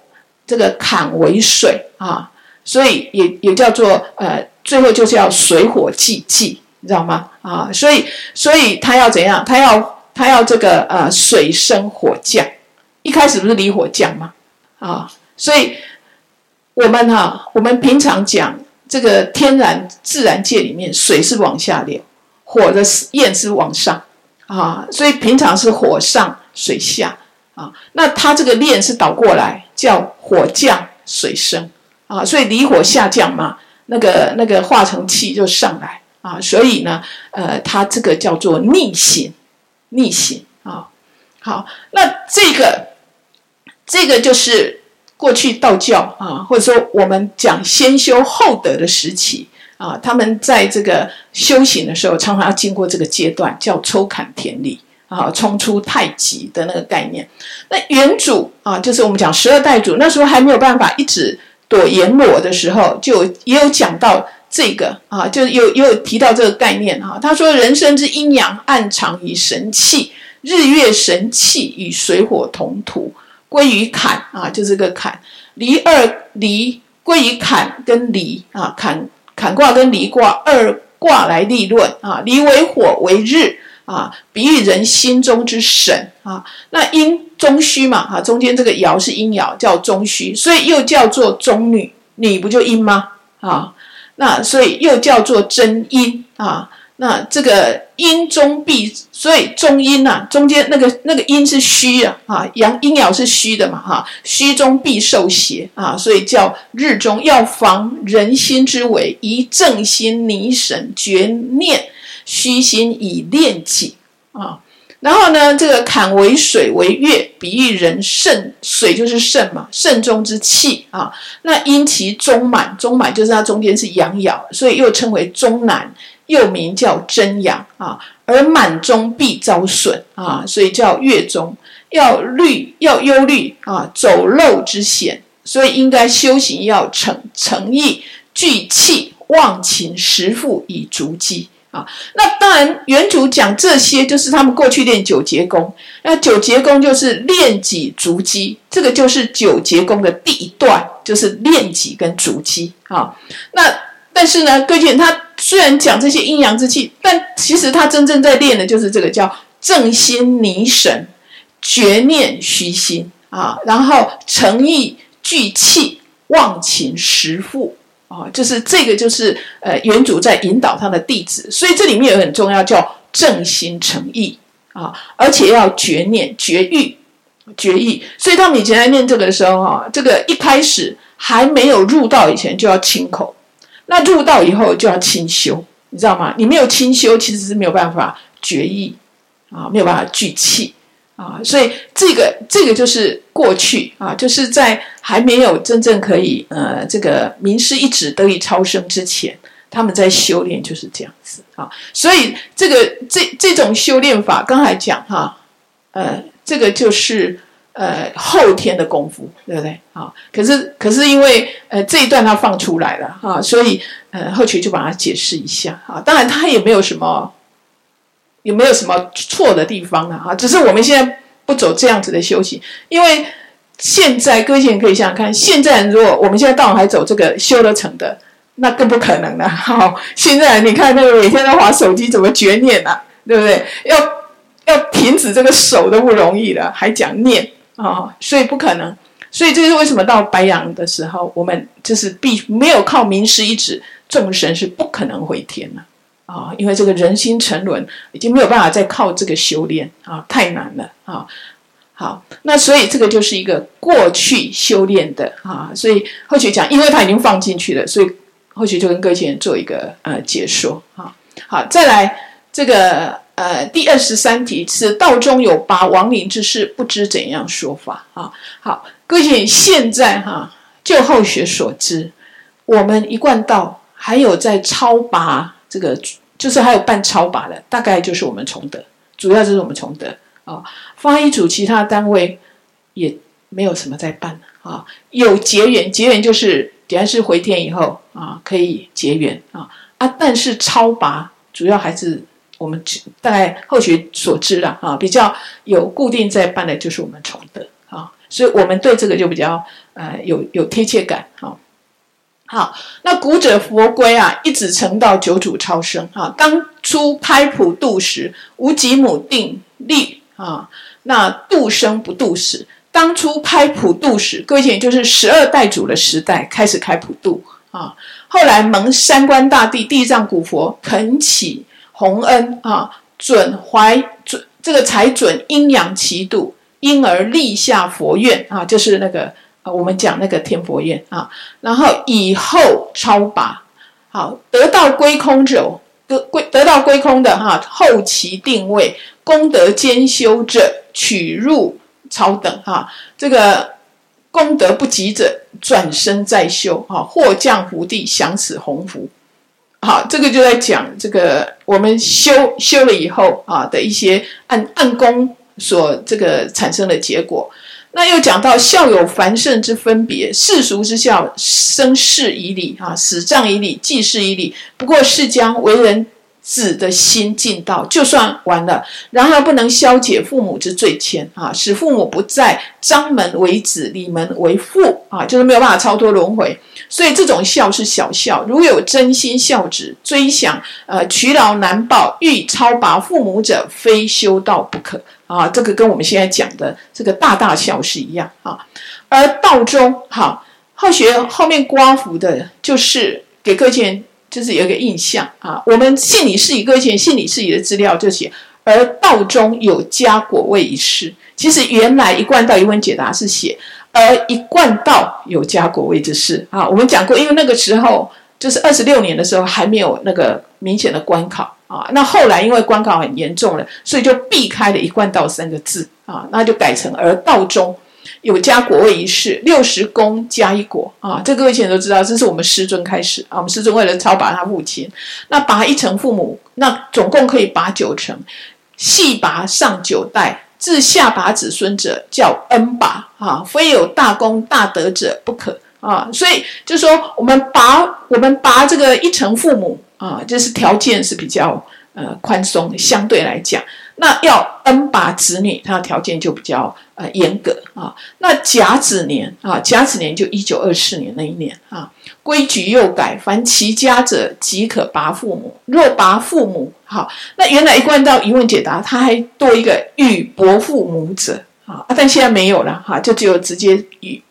這個坎為水啊，所以也也叫做呃，最後就是要水火既濟，你知道嗎？啊，所以所以他要怎樣？他要他要這個呃水升火降，一開始不是離火降嗎？啊，所以我們哈、啊，我們平常講。這個天然自然界裡面，水是往下流，火的焰是往上，啊，所以平常是火上水下，啊，那它這個煉是倒過來，叫火降水升，啊，所以離火下降嘛，那個那個化成氣就上來，啊，所以呢，呃，它這個叫做逆行，逆行，啊，好，那這個，這個就是。過去道教啊，或者說我們講先修後得的時期啊，他們在這個修行的時候，常常要經過這個階段，叫抽坎填離啊，衝出太極的那個概念。那元祖啊，就是我們講十二代祖，那時候還沒有辦法一指躲閻羅的時候，就也有講到這個啊，就有也有提到這個概念啊。他說：人生之陰陽暗藏於神氣，日月神氣與水火同途。歸於坎啊，就是個坎，離二離歸於坎跟離啊，坎坎卦跟離卦二卦來立論啊。離為火為日啊，比喻人心中之神啊。那陰中虛嘛啊，中間這個爻是陰爻叫中虛，所以又叫做中女，女不就陰嗎啊？那所以又叫做真陰啊。那這個陰中必所以中陰吶、啊，中間那個那個陰是虛啊，陽陰爻是虛的嘛，哈、啊，虛中必受邪啊，所以叫日中要防人心之危，以正心凝神絕念，虛心以煉己啊。然後呢，這個坎為水為月，比喻人腎，水就是腎嘛，腎中之氣啊。那陰其中滿，中滿就是它中間是陽爻，所以又稱為中男。又名叫真養啊，而滿中必遭損啊，所以叫月中要慮要憂慮啊，走漏之險，所以應該修行要誠誠意聚氣忘情，實腹以築基啊。那當然，原主講這些就是他們過去練九節功，那九節功就是練己築基，這個就是九節功的第一段，就是練己跟築基啊。那。但是呢，葛健他雖然講這些陰陽之氣，但其實他真正在練的就是這個叫正心凝神、絕念虛心啊，然後誠意聚氣、忘情識負啊，就是這個就是呃，原主在引導他的弟子。所以這裡面有很重要，叫正心誠意啊，而且要絕念、絕慾、絕意。所以他們以前在念這個的時候啊，這個一開始還沒有入道以前，就要清口。那入道以後就要清修，你知道嗎？你沒有清修，其實是沒有辦法絕意啊，沒有辦法聚氣啊，所以這個這個就是過去啊，就是在還沒有真正可以呃這個明師一指得以超生之前，他們在修煉就是這樣子啊，所以這個這這種修煉法，剛才講哈、啊，呃，這個就是。呃，後天的功夫，對不對？好、哦，可是可是因為呃這一段他放出來了哈、啊，所以呃後學就把它解釋一下啊。當然他也沒有什麼，也沒有什麼錯的地方了、啊，哈、啊。只是我們現在不走這樣子的修行，因為現在各位也可以想想看，現在如果我們現在到晚還走這個修了成的，那更不可能了。好、啊啊，現在你看那個每天在滑手機怎麼絕念呢、啊？對不對？要要停止這個手都不容易了，還講念。啊、哦，所以不可能，所以這是為什麼到白陽的時候，我們就是必沒有靠明師一指，眾神是不可能回天的啊、哦！因為這個人心沉淪，已經沒有辦法再靠這個修煉啊、哦，太難了啊、哦！好，那所以這個就是一個過去修煉的啊、哦，所以或許講，因為他已經放進去了，所以或許就跟各位前人做一個呃解說哈、哦。好，再來這個。呃，第二十三題是道中有拔亡靈之事，不知怎樣說法啊？好，各位現在哈、啊，就後學所知，我們一貫道還有在超拔這個，就是還有辦超拔的，大概就是我們崇德，主要就是我們崇德啊。發一組其他單位也沒有什麼在辦啊，有結緣，結緣就是底下是回天以後啊，可以結緣啊啊，但是超拔主要還是。我們大概後學所知了啊，比較有固定在辦的就是我們崇德啊，所以我們對這個就比較呃，有有貼切感啊。好，那古者佛規啊，一直承到九祖超生啊。當初開普度時，無幾母定力啊。那度生不度死，當初開普度時，各位請就是十二代祖的時代開始開普度。啊。後來蒙三官大帝、地藏古佛懇啟。洪恩啊，準懷準這個才準陰陽齊度，因而立下佛願啊，就是那個啊，我們講那個天佛願啊。然後以後超拔，好得到歸空者，得歸得到歸空的哈、啊，後期定位功德兼修者取入超等哈、啊，這個功德不及者轉生再修啊，或降福地享此洪福。好，這個就在講這個我們修修了以後啊，的一些暗暗功所這個產生的結果。那又講到孝有凡聖之分別，世俗之孝生事以禮啊，死葬以禮，祭祀以禮。不過是將為人。子的心盡到就算完了，然而不能消解父母之罪愆啊，使父母不在張門為子，李門為父啊，就是沒有辦法超脫輪迴。所以這種孝是小孝，如有真心孝子，追想呃，劬勞難報，欲超拔父母者，非修道不可啊。這個跟我們現在講的這個大大孝是一樣啊。而道中好，後學後面刮服的，就是給各位，就是有一個印象啊，我們性理釋疑，各信性理釋疑的資料就寫，而道中有家果位一事，其實原來一貫道疑問解答，是寫而一貫道有家果位之事啊。我們講過，因為那個時候就是二十六年的時候還沒有那個明顯的關考啊，那後來因為關考很嚴重了，所以就避開了一貫道三個字啊，那就改成而道中。有加果位一事，六十功加一果啊！這個位以前都知道，這是我們師尊開始啊。我們師尊為了超拔他父親，那拔一成父母，那總共可以拔九成。細拔上九代，至下拔子孫者叫恩拔啊，非有大功大德者不可啊。所以就是說，我們拔我們拔這個一成父母啊，就是條件是比較呃寬鬆，相對來講。那要恩拔子女，他的條件就比較呃嚴格啊。那甲子年啊，甲子年就一九二四年那一年啊，規矩又改，凡其家者即可拔父母。若拔父母，好，那原來一貫道疑問解答，他還多一個欲伯父母者啊，但現在沒有了哈，就只有直接欲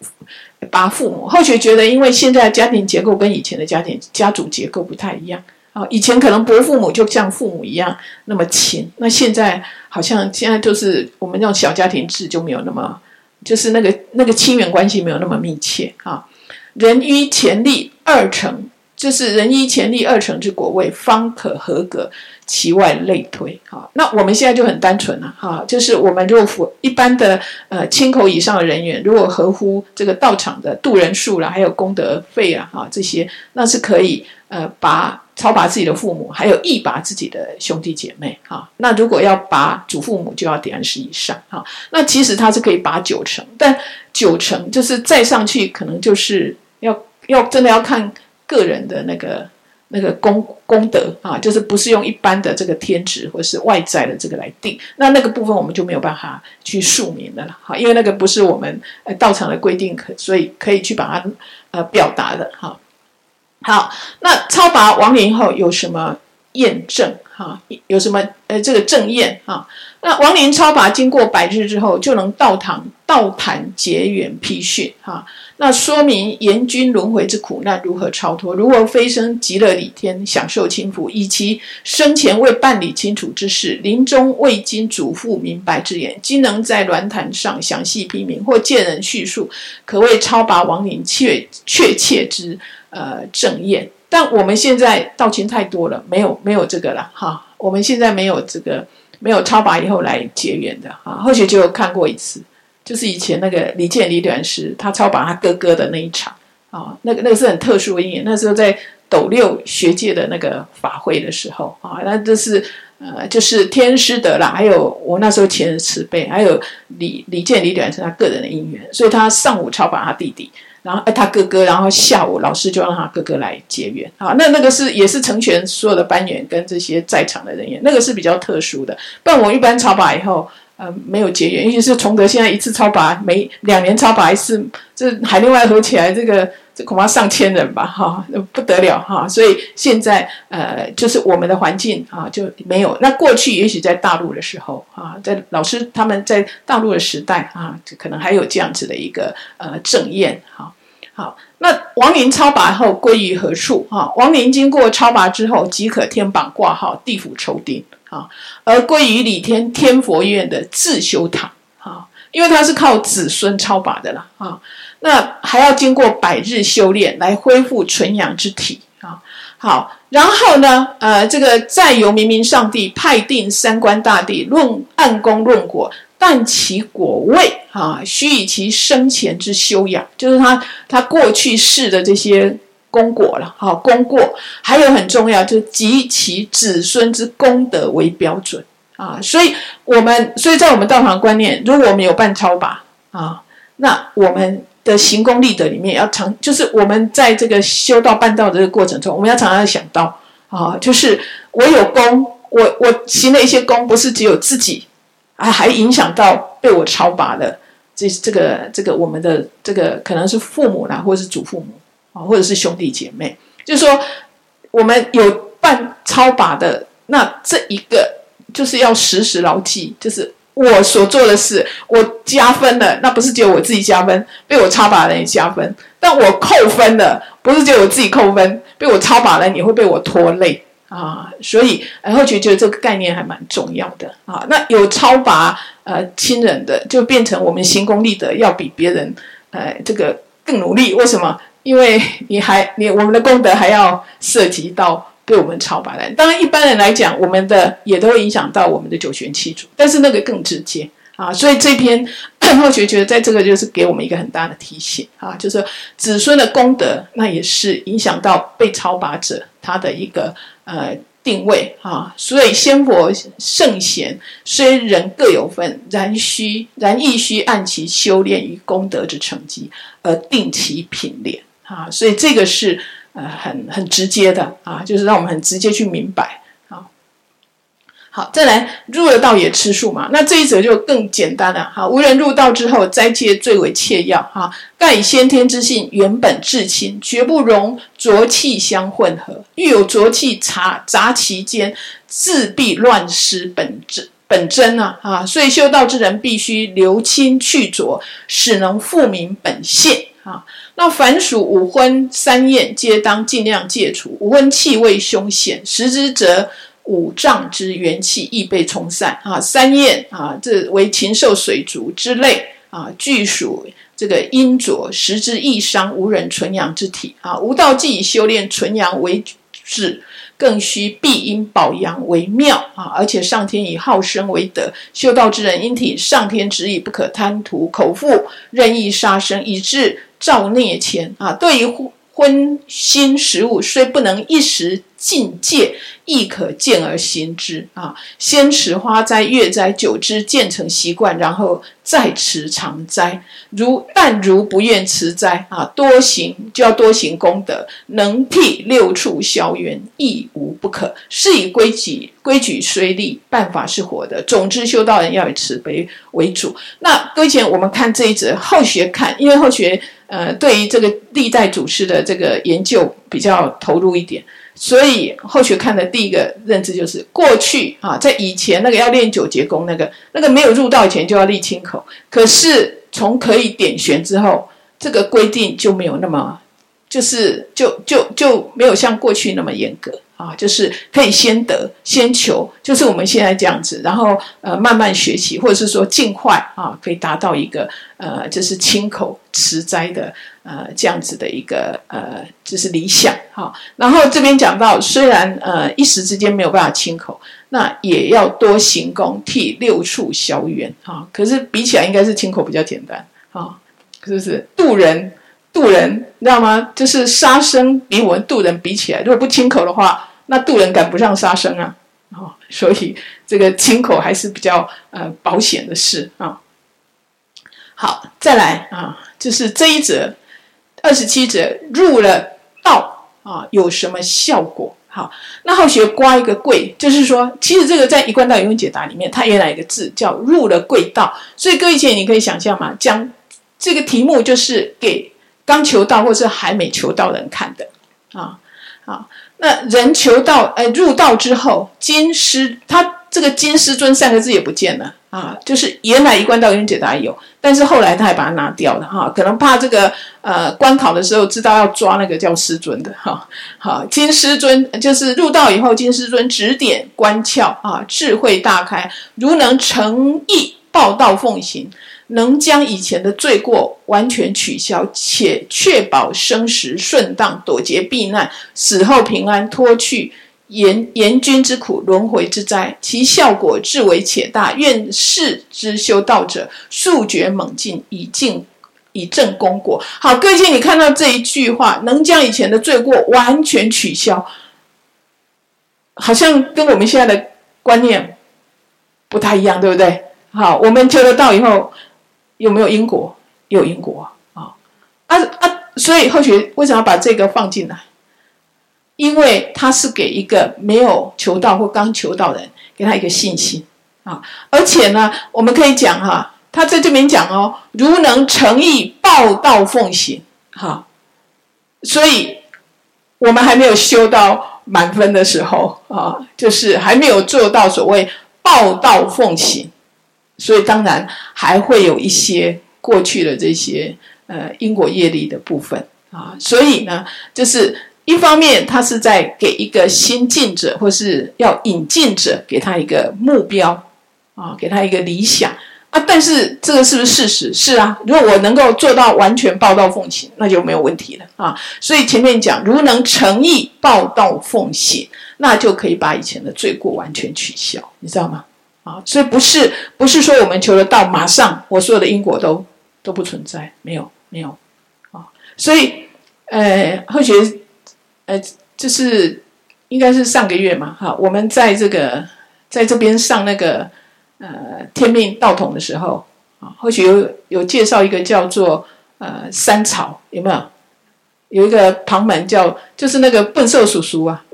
拔父母。後學覺得，因為現在家庭結構跟以前的家庭家族結構不太一樣。啊，以前可能伯父母就像父母一樣那麼親，那現在好像現在就是我們這種小家庭制就沒有那麼，就是那個那個親緣關係沒有那麼密切啊。人於前力二成，就是人於前力二成之果位方可合格，其外類推啊。那我們現在就很單純了，啊、哈、啊，就是我們如果一般的呃千口以上的人員，如果合乎這個道場的度人數了，啊，還有功德費啊哈、啊、這些，那是可以呃把。超拔自己的父母，還有一拔自己的兄弟姐妹，哈。那如果要拔祖父母，就要點二十以上，哈。那其實他是可以拔九成，但九成就是再上去，可能就是要要真的要看個人的那個那個功功德，啊，就是不是用一般的這個天職或是外在的這個來定。那那個部分我們就沒有辦法去說明的了，哈，因為那個不是我們道場的規定，所以可以去把它呃表達的，哈。好，那超拔亡靈後有什麼驗證？哈、啊，有什麼呃，這個證驗？哈、啊，那亡靈超拔經過百日之後，就能到堂到壇結緣批訓。哈、啊，那說明閻君輪回之苦難如何超脫，如何飛升極樂理天，享受清福。以及生前未辦理清楚之事，臨終未經囑咐明白之言，今能在鸞壇上詳細批明，或見人敘述，可謂超拔亡靈確確切之。呃，正業，但我們現在道親太多了，沒有沒有這個了哈。我們現在沒有這個，沒有超拔以後來結緣的哈。後學就看過一次，就是以前那個李健李點傳師，他超拔他哥哥的那一場啊，那個那個是很特殊的姻緣。那時候在斗六學界的那個法會的時候啊，那就是呃，就是天師德啦，還有我那時候前人慈悲，還有李李健李點傳師他個人的姻緣，所以他上午超拔他弟弟。然後，哎，他哥哥，然後下午老師就讓他哥哥來結緣啊。那那個是也是成全所有的班員跟這些在場的人員，那個是比較特殊的。但我一般超拔以後，呃，沒有結緣。尤其是崇德現在一次超拔，每兩年超拔一次，這海內外合起來，這個這恐怕上千人吧，哈，那不得了哈。所以現在，呃，就是我們的環境啊，就沒有。那過去也許在大陸的時候啊，在老師他們在大陸的時代啊，可能還有這樣子的一個呃證驗哈。好好，那亡靈超拔後歸於何處？哈、哦，亡靈經過超拔之後，即可天榜掛號，地府抽丁，啊。而歸於理天天佛院的自修堂，啊，因為他是靠子孫超拔的啦，啊。那還要經過百日修煉來恢復純陽之體，啊，好，然後呢，呃，這個再由明明上帝派定三官大帝論暗功論果。但其果位啊，需以其生前之修養，就是他他過去世的這些功果了，哈、啊，功過。還有很重要，就及、是、其子孫之功德為標準啊。所以，我們所以在我們道場觀念，如果我們有辦超拔，啊，那我們的行功立德裡面要常，就是我們在這個修道辦道的這個過程中，我們要常常想到啊，就是我有功，我我行了一些功，不是只有自己。啊，還影響到被我超拔的這這個這個我們的這個可能是父母啦，或者是祖父母啊，或者是兄弟姐妹。就是說，我們有辦超拔的，那這一個就是要時時牢記，就是我所做的事，我加分了，那不是只有我自己加分，被我超拔的人也加分；但我扣分了，不是只有我自己扣分，被我超拔的人也會被我拖累。啊，所以，然後就覺得這個概念還蠻重要的啊。那有超拔呃親人的，就變成我們行功立德要比別人，呃，這個更努力。為什麼？因為你還你我們的功德還要涉及到被我們超拔來的。當然，一般人來講，我們的也都會影響到我們的九玄七祖，但是那個更直接啊。所以這篇。後學覺得，在這個就是給我們一個很大的提醒啊，就是子孫的功德，那也是影響到被超拔者他的一個呃定位啊。所以，仙佛聖賢雖人各有份，然須然亦須按其修煉與功德之成績而定其品聯啊。所以，這個是呃很很直接的啊，就是讓我們很直接去明白。好，再來入了道也吃素嘛？那這一則就更簡單了啊。哈，無人入道之後，齋戒最為切要。哈、啊，蓋以先天之性原本至清，絕不容濁氣相混合。遇有濁氣查雜其間，自必亂失本質本真啊！啊所以修道之人必須留清去濁，使能復明本性啊。那凡屬五葷三厭，皆當盡量戒除。五葷氣味凶險，食之則，五臟之元氣易被衝散啊，三厭啊，這為禽獸水族之類啊，俱屬這個陰濁，食之易傷吾人純陽之體啊。吾道既以修煉純陽為志，更須避陰保陽為妙啊。而且上天以好生為德，修道之人應體上天之意，不可貪圖口腹，任意殺生，以致造孽愆啊。對於葷葷腥食物，雖不能一時。境界亦可見而行之啊！先持花齋、月齋，久之漸成習慣，然後再持常齋。如但如不願持齋啊，多行就要多行功德，能辟六畜消冤，亦無不可。是以規矩規矩雖立，辦法是活的。總之，修道人要以慈悲為主。那歸前我們看這一則後學看，因為後學呃，對於這個歷代祖師的這個研究比較投入一點。所以後學看的第一個認知就是，過去啊，在以前那個要練九節功那個那個沒有入道以前就要立清口，可是從可以點玄之後，這個規定就沒有那麼，就是就就就沒有像過去那麼嚴格啊，就是可以先得先求，就是我們現在這樣子，然後呃慢慢學習，或者是說儘快啊，可以達到一個呃就是清口持齋的。呃，這樣子的一個呃，就是理想哈、哦。然後這邊講到，雖然呃一時之間沒有辦法清口，那也要多行功替六處消緣哈。可是比起來，應該是清口比較簡單啊、哦，是不是？渡人渡人，你知道嗎？就是殺生，比我們渡人比起來，如果不清口的話，那渡人趕不上殺生啊。哦，所以這個清口還是比較呃保險的事啊、哦。好，再來啊、哦，就是這一則。二十七者，入了道啊，有什麼效果？好，那後學刮一個貴，就是說，其實這個在《一貫道永用解答》裡面，它原來一個字叫“入了貴道”。所以各位前輩你可以想象嘛，將這個題目就是給剛求道或是還沒求道的人看的啊，好，那人求道，呃、哎，入道之後，金師他這個金師尊三個字也不見了。啊，就是原來一貫道給你解答有，但是後來他還把它拿掉了哈、啊，可能怕這個呃關考的時候知道要抓那個叫師尊的哈。好、啊，經、啊、師尊就是入道以後，經師尊指點關竅啊，智慧大開，如能誠意報道奉行，能將以前的罪過完全取消，且確保生時順當，躲劫避難，死後平安脫去。嚴嚴君之苦，輪回之災，其效果至為且大。願世之修道者速覺猛進，以靜以正功過。好，各位，你看到這一句話，能將以前的罪過完全取消，好像跟我們現在的觀念不太一樣，對不對？好，我們求得道以後，有沒有因果？有因果、哦、啊。啊啊，所以後學為什麼要把這個放進來？因為他是給一個沒有求道或剛求道的人，給他一個信心啊！而且呢，我們可以講哈、啊，他在這邊講哦，如能誠意抱道奉行，哈、啊，所以我們還沒有修到滿分的時候啊，就是還沒有做到所謂抱道奉行，所以當然還會有一些過去的這些呃因果業力的部分啊，所以呢，就是。一方面，他是在給一個新進者或是要引進者，給他一個目標，啊，給他一個理想。啊，但是這個是不是事實？是啊。如果我能夠做到完全抱道奉行，那就沒有問題了啊。所以前面講，如能誠意抱道奉行，那就可以把以前的罪過完全取消，你知道嗎？啊，所以不是不是說我們求得道，馬上我所有的因果都都不存在，沒有沒有，啊，所以呃，後學。呃，就是應該是上個月嘛，哈、啊，我們在這個在這邊上那個呃天命道統的時候，啊，或許有有介紹一個叫做呃三草有沒有？有一個旁門叫就是那個笨獸叔叔啊，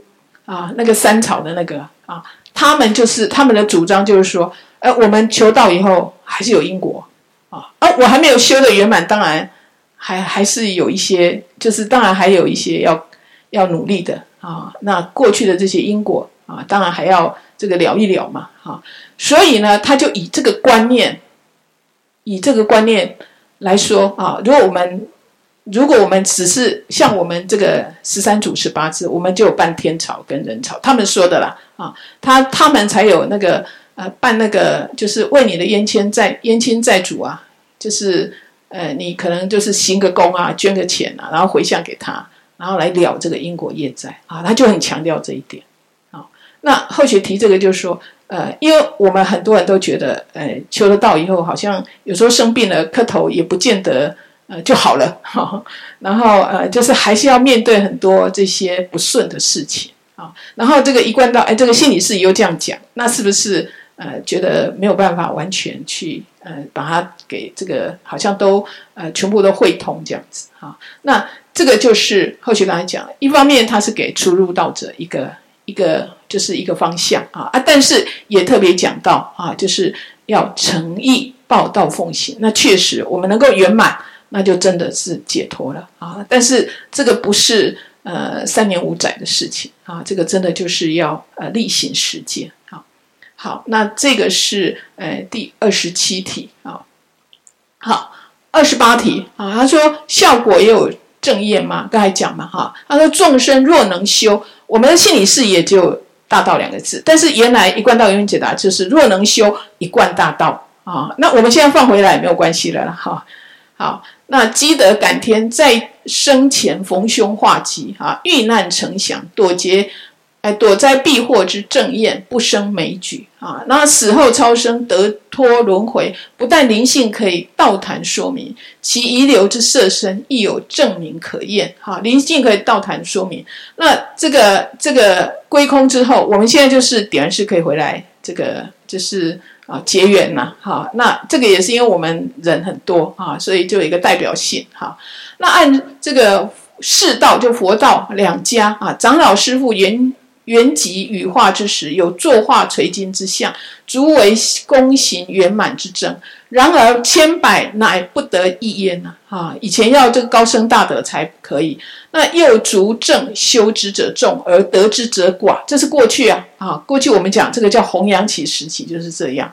啊，那個三草的那個啊，他們就是他們的主張就是說，呃，我們求道以後還是有因果啊，啊，我還沒有修得圓滿，當然還還是有一些，就是當然還有一些要。要努力的啊！那過去的這些因果啊，當然還要這個聊一聊嘛，哈、啊。所以呢，他就以這個觀念，以這個觀念來說啊，如果我們如果我們只是像我們這個十三組十八字，我們就有辦天朝跟人朝，他們說的啦啊，他他們才有那個呃辦那個就是為你的冤親債冤親債主啊，就是呃你可能就是行個功啊，捐個錢啊，然後回向給他。然後來了這個因果業債啊，他就很強調這一點啊。那後學提這個就是說，呃，因為我們很多人都覺得，呃，求了道以後，好像有時候生病了磕頭也不見得呃就好了，啊，然後呃，就是還是要面對很多這些不順的事情啊。然後這個一貫道，哎，這個性理釋疑又這樣講，那是不是呃覺得沒有辦法完全去呃把它給這個好像都呃全部都匯通這樣子啊？那。這個就是後續剛才講，一方面它是給出入道者一個一個就是一個方向啊啊，但是也特別講到啊，就是要誠意抱道奉行。那確實我們能夠圓滿，那就真的是解脫了啊。但是這個不是呃三年五載的事情啊，這個真的就是要呃力行實踐啊。好，那這個是呃第二十七題啊。好，二十八題啊，他說效果也有。正業嘛？剛才講嘛，哈，他說眾生若能修，我們的心理事業，就大道兩個字。但是原來一貫道永遠解答，就是若能修一貫大道啊。那我們現在放回來也沒有關係了，哈、啊。好，那積德感天，在生前逢凶化吉啊，遇難成祥，躲劫。躲災避禍之證驗，不勝枚舉啊！那死後超生得脫輪迴，不但靈性可以道談說明，其遺留之色身亦有證明可驗。哈、啊，靈性可以道談說明。那這個這個歸空之後，我們現在就是點是可以回來，這個就是啊結緣吶。那這個也是因為我們人很多啊，所以就有一個代表性哈。那按這個世道就佛道兩家啊，長老師傅原籍羽化之時，有坐化垂金之相，足為功行圓滿之徵。然而千百乃不得一焉啊！啊以前要這個高僧大德才可以。那又足證修之者眾而得之者寡，這是過去啊啊！過去我們講這個叫弘揚其時期就是這樣。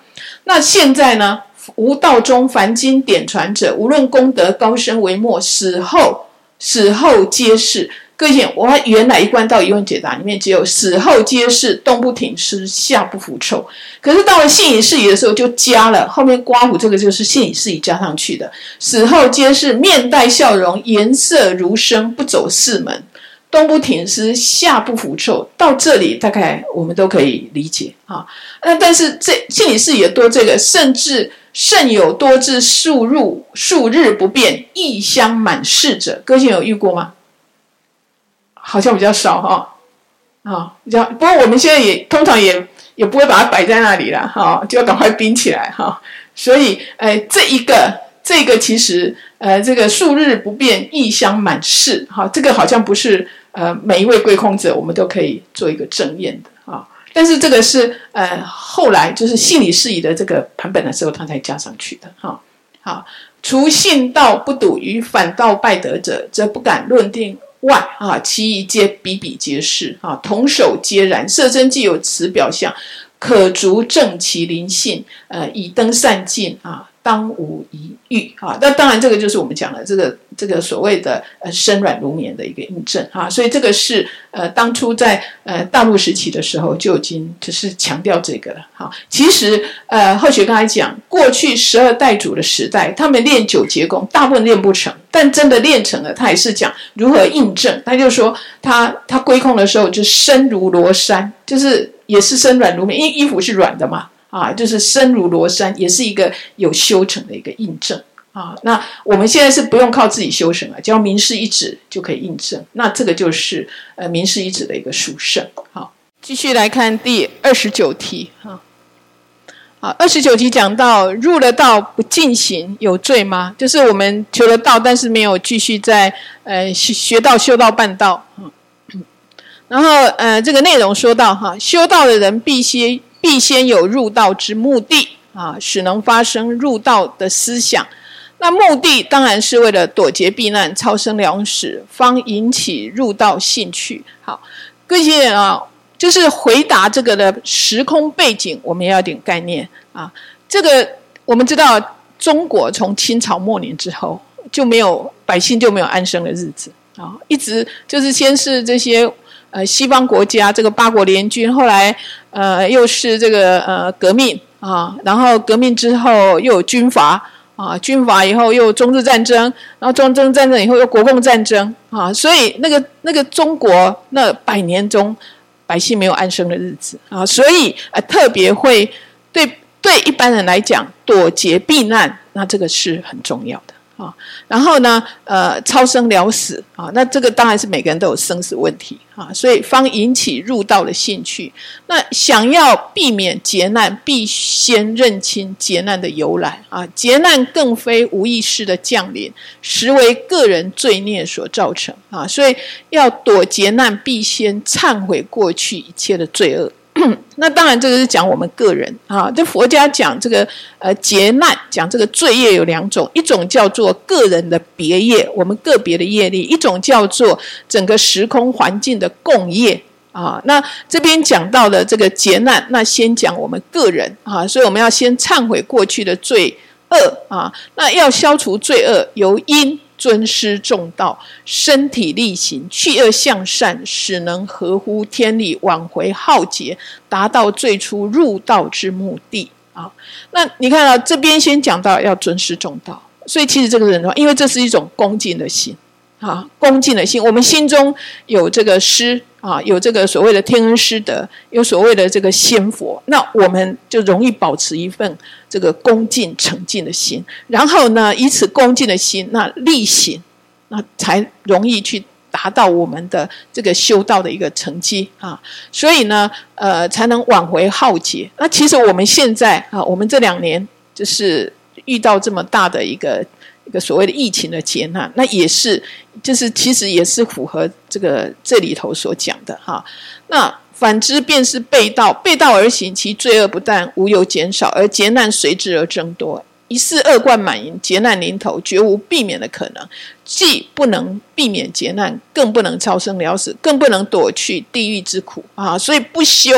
那現在呢？吾道中凡經點傳者，無論功德高深為末，死後死後皆是。各位親，我原來一貫道疑問解答裡面只有死後皆是冬不挺屍，夏不腐臭，可是到了性理釋疑的時候，就加了後面括弧，這個就是性理釋疑加上去的。死後皆是面帶笑容，顏色如生，不走四門，冬不挺屍，夏不腐臭。到這裡大概我們都可以理解啊。那但是這性理釋疑也多這個，甚至甚有多至數入數日不變，異香滿室者，各位親有遇過嗎？好像比較少哈、哦，不過我們現在也通常也也不會把它擺在那裡了哈、哦，就要趕快冰起來哈、哦。所以，哎、呃，這一個，這個其實，呃，這個數日不變，異香滿室，哈、哦，這個好像不是呃每一位歸空者，我們都可以做一個證驗的啊、哦。但是這個是呃後來就是性理釋疑的這個版本的時候，他才加上去的哈。好、哦哦，除信道不篤於反道敗德者，則不敢論定。外啊，其一皆比比皆是啊，同手皆然。色身既有此表象，可足證其靈性。呃，以登善盡啊。當無一遇。啊，那當然這個就是我們講的這個這個所謂的呃身軟如棉的一個印證、啊、所以這個是呃當初在呃大陸時期的時候就已經只是強調這個了哈、啊。其實呃，後學剛才講過去十二代祖的時代，他們練九節功大部分練不成，但真的練成了，他也是講如何印證。他就說他他歸空的時候就身如羅衫，就是也是身軟如棉，因為衣服是軟的嘛。啊，就是生如羅山，也是一個有修成的一個印證啊。那我們現在是不用靠自己修成了，只要明師一指就可以印證。那這個就是呃，明師一指的一個殊勝。好，繼續來看第二十九題哈。二十九題講到入了道不進行有罪嗎？就是我們求了道，但是沒有繼續在呃學學道、修道、辦道。嗯嗯，然後呃，這個內容說到哈，啊，修道的人必須。必先有入道之目的啊，使能發生入道的思想。那目的當然是為了躲劫避難、超生糧食，方引起入道興趣。好，各位啊，就是回答這個的時空背景，我們要有點概念啊。這個我們知道，中國從清朝末年之後就沒有，百姓就沒有安生的日子啊，一直就是先是這些呃西方國家這個八國聯軍，後來。呃，又是這個呃革命啊，然後革命之後又有軍閥啊，軍閥以後又有中日戰爭，然後中日戰爭以後又國共戰爭啊，所以那個那個中國那百年中百姓沒有安生的日子啊，所以呃特別會對對一般人來講躲劫避難，那這個是很重要的。啊，然後呢，呃，超生了死啊，那這個當然是每個人都有生死問題啊，所以方引起入道的興趣。那想要避免劫難，必先認清劫難的由來啊。劫難更非無意識的降臨，實為個人罪孽所造成啊。所以要躲劫難，必先懺悔過去一切的罪惡。 那當然，這個是講我們個人啊。這佛家講這個呃劫難，講這個罪業有兩種，一種叫做個人的別業，我們個別的業力；一種叫做整個時空環境的共業啊。那這邊講到了這個劫難，那先講我們個人啊，所以我們要先懺悔過去的罪惡啊。那要消除罪惡，由因。尊師重道，身體力行，去惡向善，使能合乎天理，挽回浩劫，達到最初入道之目的啊！那你看啊，這邊先講到要尊師重道，所以其實這個人的話，因為這是一種恭敬的心。啊，恭敬的心，我們心中有這個師啊，有這個所謂的天恩師德，有所謂的這個仙佛，那我們就容易保持一份這個恭敬誠敬的心，然後呢，以此恭敬的心，那力行，那才容易去達到我們的這個修道的一個成績啊。所以呢，呃，才能挽回浩劫。那其實我們現在啊，我們這兩年就是遇到這麼大的一個。一個所謂的疫情的劫難，那也是，就是其實也是符合這個這裡頭所講的哈、啊。那反之便是背道背道而行，其罪惡不但無有減少，而劫難隨之而增多，一世惡貫滿盈，劫難臨頭，絕無避免的可能。既不能避免劫難，更不能超生了死，更不能躲去地獄之苦啊！所以不修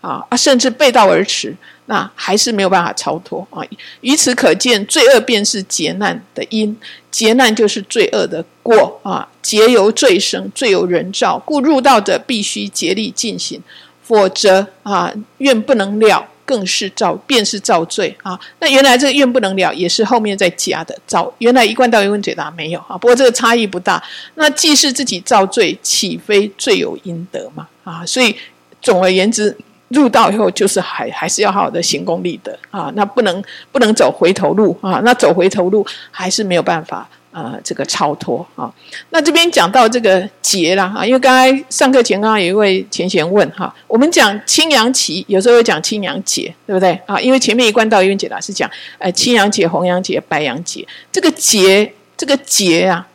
啊啊，甚至背道而馳。那還是沒有辦法超脫啊！以此可見，罪惡便是劫難的因，劫難就是罪惡的果啊。劫由罪生，罪由人造，故入道者必須竭力進行，否則啊，怨不能了，更是造，便是造罪，罪啊。那原來這個怨不能了，也是後面再加的造，原來一貫道疑問解答沒有啊，不過這個差異不大。那既是自己造罪，罪，豈非罪有應得嘛？啊，所以總而言之。入道以後，就是還還是要好好的行功立德啊，那不能不能走回頭路啊，那走回頭路還是沒有辦法啊、呃，這個超脫啊。那這邊講到這個節啦，啊，因為剛才上課前剛剛有一位前賢問哈、啊，我們講青陽期，有時候會講青陽節，對不對啊？因為前面一貫道因為解答是講，哎、呃，青陽節、紅陽節、白陽節，這個節這個節啊，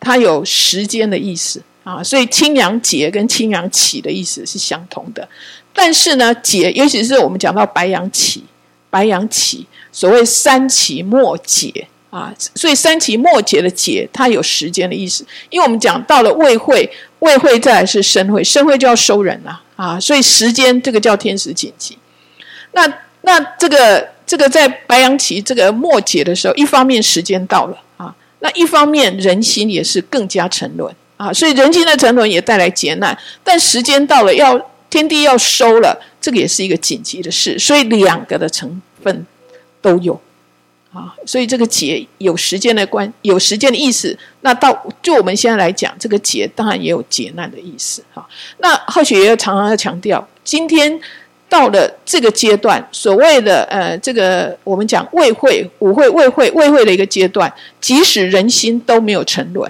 它有時間的意思啊，所以青陽節跟青陽期的意思是相同的。但是呢，劫，尤其是我們講到白陽期，白陽期，所謂三期末劫啊，所以三期末劫的劫，它有時間的意思，因為我們講到了未會，未會再來是申會，申會就要收人了啊，啊，所以時間這個叫天時緊急。那那這個這個在白陽期這個末劫的時候，一方面時間到了啊，那一方面人心也是更加沉淪啊，所以人心的沉淪也帶來劫難，但時間到了要。天地要收了，這個也是一個緊急的事，所以兩個的成分都有啊。所以這個劫有時間的關，有時間的意思。那到就我們現在來講，這個劫當然也有劫難的意思哈。那後學也要常常要強調，今天到了這個階段，所謂的呃，這個我們講未會、午會、未會、未會的一個階段，即使人心都沒有沉淪，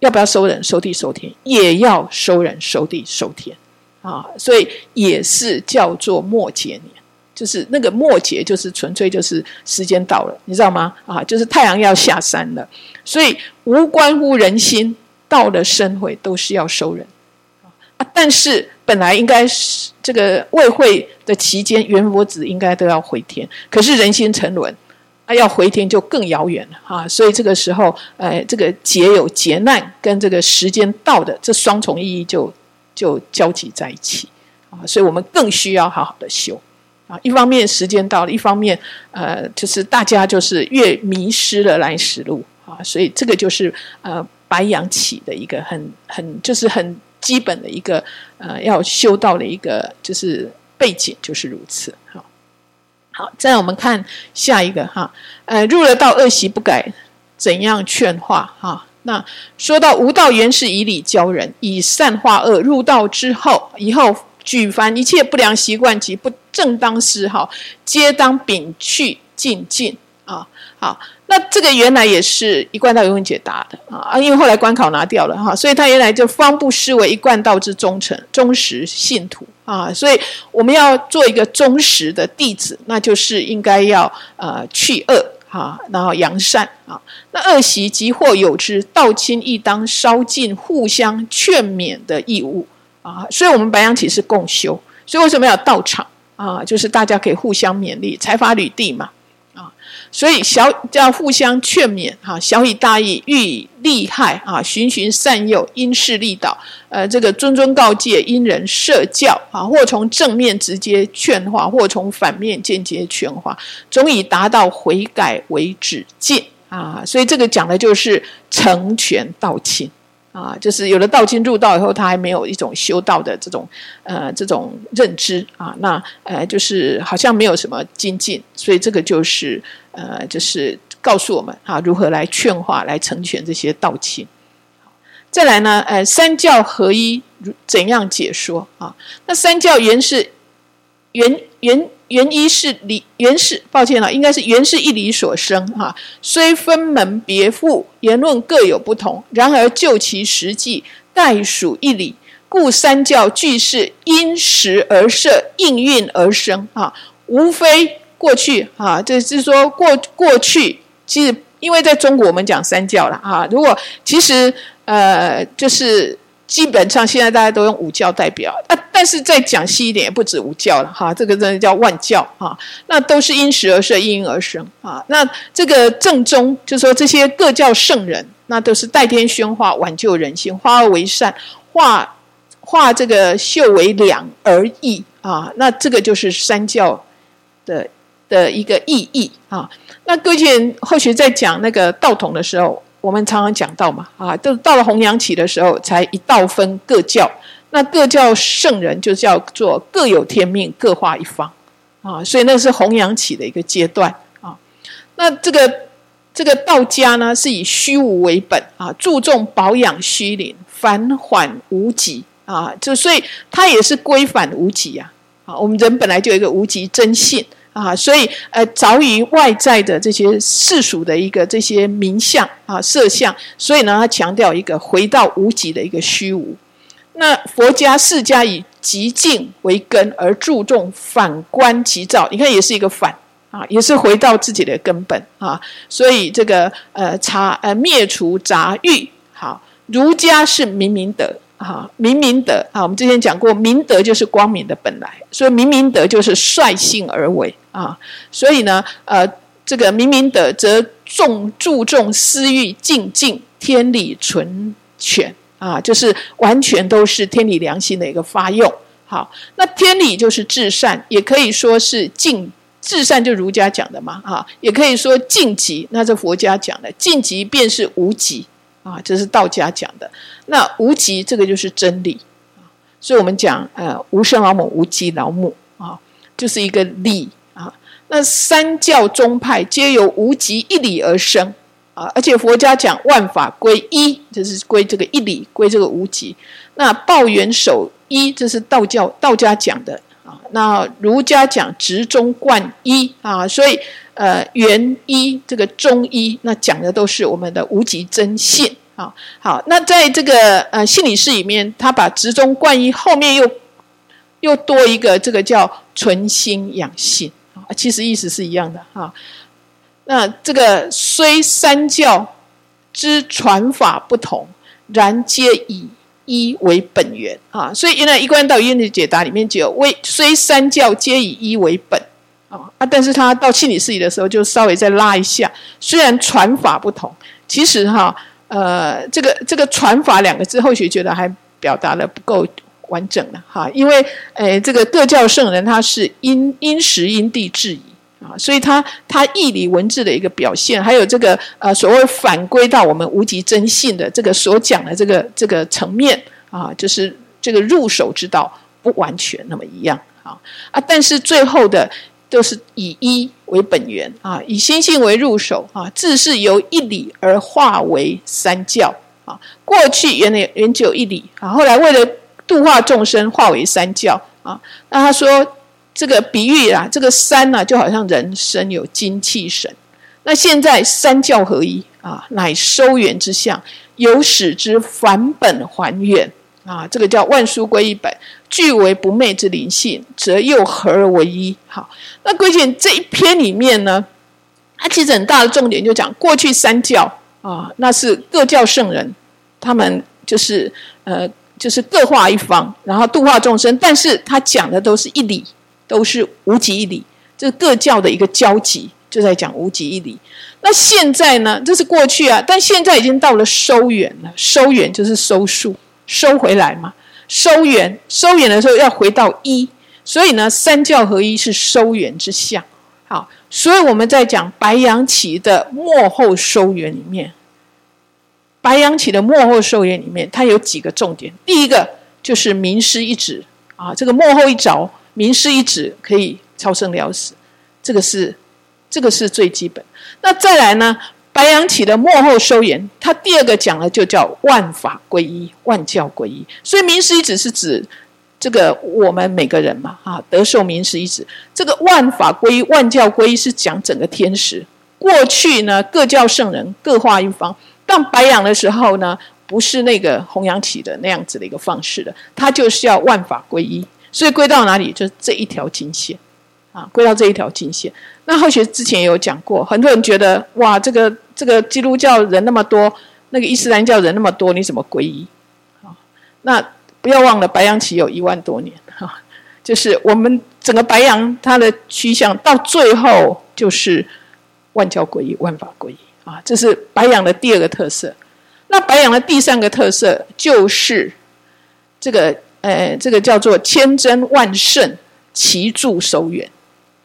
要不要收人、收地、收天，也要收人、收地、收天。啊，所以也是叫做末劫年，就是那個末劫，就是純粹就是時間到了，你知道嗎？啊，就是太陽要下山了，所以無關乎人心，到了生會都是要收人。啊，但是本來應該是這個未會的期間，原佛子應該都要回天，可是人心沉淪，啊，要回天就更遙遠了啊。所以這個時候，哎、呃，這個劫有劫難跟這個時間到的這雙重意義就。就交集在一起啊，所以我們更需要好好的修啊。一方面時間到了，一方面呃，就是大家就是越迷失了來時路啊，所以這個就是呃白陽期的一個很很就是很基本的一個呃要修道的一個就是背景，就是如此。好，好，再來，我們看下一個哈，呃，入了道惡習不改，怎樣勸化哈？那說到吾道原是以理教人，以善化惡。入道之後，以後舉凡一切不良習慣及不正當嗜好，皆當摒去淨盡啊。好，那這個原來也是一貫道永遠解答的啊啊，因為後來關考拿掉了哈，所以他原來就方不失為一貫道之忠誠忠實信徒啊。所以我們要做一個忠實的弟子，那就是應該要呃去惡。啊，然後揚善啊，那惡習即或有之，道親亦當稍盡互相勸勉的義務啊。所以，我們白陽期是共修，所以為什麼要到場啊？就是大家可以互相勉勵，財法侶地嘛。所以小要互相勸勉哈，曉以大義，喻以利害啊，循循善誘，因勢利導，呃，這個諄諄告誡，因人設教啊，或從正面直接勸化，或從反面間接勸化，總以達到悔改為止境啊。所以這個講的就是成全道親。啊，就是有了道親入道以後，他還沒有一種修道的這種呃這種認知啊，那呃就是好像沒有什麼精進，所以這個就是呃就是告訴我們啊，如何來勸化來成全這些道親。再來呢，呃三教合一怎樣解說啊？那三教原是原原。原原一是理，原是，抱歉了，應該是原是一理所生哈、啊。雖分門別戶，言論各有不同，然而就其實際，概屬一理。故三教俱是因時而設，應運而生啊。無非過去啊，這、就是說過過去，其實因為在中國我們講三教了啊。如果其實呃，就是。基本上現在大家都用五教代表啊，但是再講細一點，也不止五教了哈，啊，這個真的叫萬教啊，那都是因時而設，因因而生啊。那這個正宗，就說這些各教聖人，那都是代天宣化，挽救人性，化而為善，化化這個秀為良而異啊。那這個就是三教的的一個意義啊。那各位後學後續在講那個道統的時候我們常常講到嘛，啊，都到了紅陽期的時候，才一道分各教，那各教聖人就叫做各有天命，各化一方，啊，所以那是紅陽期的一個階段啊。那這個這個道家呢，是以虛無為本啊，注重保養虛靈，返還無極啊，就所以它也是歸返無極呀，啊，我們人本來就有一個無極真性。啊，所以呃，着於外在的這些世俗的一個這些名相啊、色相，所以呢，他強調一個回到無極的一個虛無。那佛家、釋家以極靜為根，而注重反觀極照。你看，也是一個反啊，也是回到自己的根本啊。所以這個呃，察呃，滅除雜欲。好，儒家是明明德。啊，明明德啊，我們之前講過，明德就是光明的本來，所以明明德就是率性而為啊。所以呢，呃，這個明明德則重注重私欲淨盡天理純全啊，就是完全都是天理良心的一個發用。好，那天理就是至善，也可以說是盡至善，就是儒家講的嘛。啊，也可以說盡極，那是佛家講的，盡極便是無極。啊，這是道家講的。那無極這個就是真理，所以我們講，呃，無生老母無極老母啊，就是一個理啊。那三教宗派皆由無極一理而生啊，而且佛家講萬法歸一，就是歸這個一理，歸這個無極。那抱元守一，這是道教道家講的。那儒家講執中貫一啊，所以呃，元一這個中一，那講的都是我們的無極真性啊。好，那在這個呃性理釋裡面，他把執中貫一後面又又多一個這個叫存心養性啊，其實意思是一樣的哈。那這個雖三教之傳法不同，然皆以。一為本源啊，所以原來《一貫道原的解答》裡面就有為雖三教皆以一為本啊啊，但是他到具理事宜的時候，就稍微再拉一下，雖然傳法不同，其實哈呃這個這個傳法兩個字，後學覺得還表達的不夠完整了哈，因為呃這個各教聖人他是因因時因地制宜。啊，所以他他義理文字的一個表現，還有這個呃所謂反歸到我們無極真性的這個所講的這個這個層面啊，就是這個入手之道不完全那麼一樣啊啊，但是最後的都是以一為本源啊，以心性為入手啊，自是由一理而化為三教啊，過去原來原只有一理啊，後來為了度化眾生，化為三教啊，那他說。這個比喻啊，這個三吶、啊，就好像人身有精氣神。那現在三教合一啊，乃收圓之象，有使之返本還原啊。這個叫萬殊歸一，本具為不昧之靈性，則又合而為一。好，那歸結這一篇裡面呢，他其實很大的重點就講過去三教啊，那是各教聖人，他們就是呃，就是各化一方，然後度化眾生，但是他講的都是一理。都是無極一理，這個各教的一個交集，就在講無極一理。那現在呢？這是過去啊，但現在已經到了收圓了。收圓就是收束，收回來嘛。收圓，收圓的時候要回到一，所以呢，三教合一是收圓之相。好，所以我們在講白陽期的末後收圓裡面，白陽期的末後收圓裡面，它有幾個重點。第一個就是明師一指啊，這個末後一著。明師一指可以超生了死，這個是這個是最基本。那再來呢？白陽期的末後收圓，他第二個講的就叫萬法歸一、萬教歸一。所以明師一指是指這個我們每個人嘛，啊，得受明師一指。這個萬法歸一、萬教歸一是講整個天時。過去呢，各教聖人各化一方，但白陽的時候呢，不是那個紅陽期的那樣子的一個方式的，它就是要萬法歸一。所以歸到哪裡？就是這一條經線，啊，歸到這一條經線。那後學之前也有講過，很多人覺得，哇，這個這個基督教人那麼多，那個伊斯蘭教人那麼多，你怎麼皈依？啊，那不要忘了，白陽期有一萬多年，哈、啊，就是我們整個白陽它的趨向到最後就是萬教歸一，萬法歸一，啊，這是白陽的第二個特色。那白陽的第三個特色就是這個。哎，呃、這個叫做千真萬聖齊助收圓，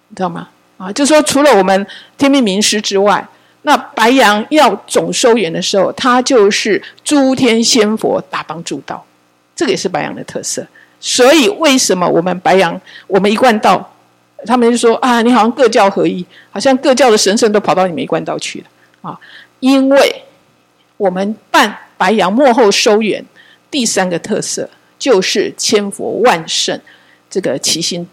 你知道嗎？啊，就是說，除了我們天命名師之外，那白羊要總收圓的時候，他就是諸天仙佛打幫助道，這個也是白羊的特色。所以為什麼我們白羊，我們一貫道，他們就說啊，你好像各教合一，好像各教的神聖都跑到你們一貫道去了啊？因為我們辦白羊幕後收圓，第三個特色。就是千佛萬聖，這個齊心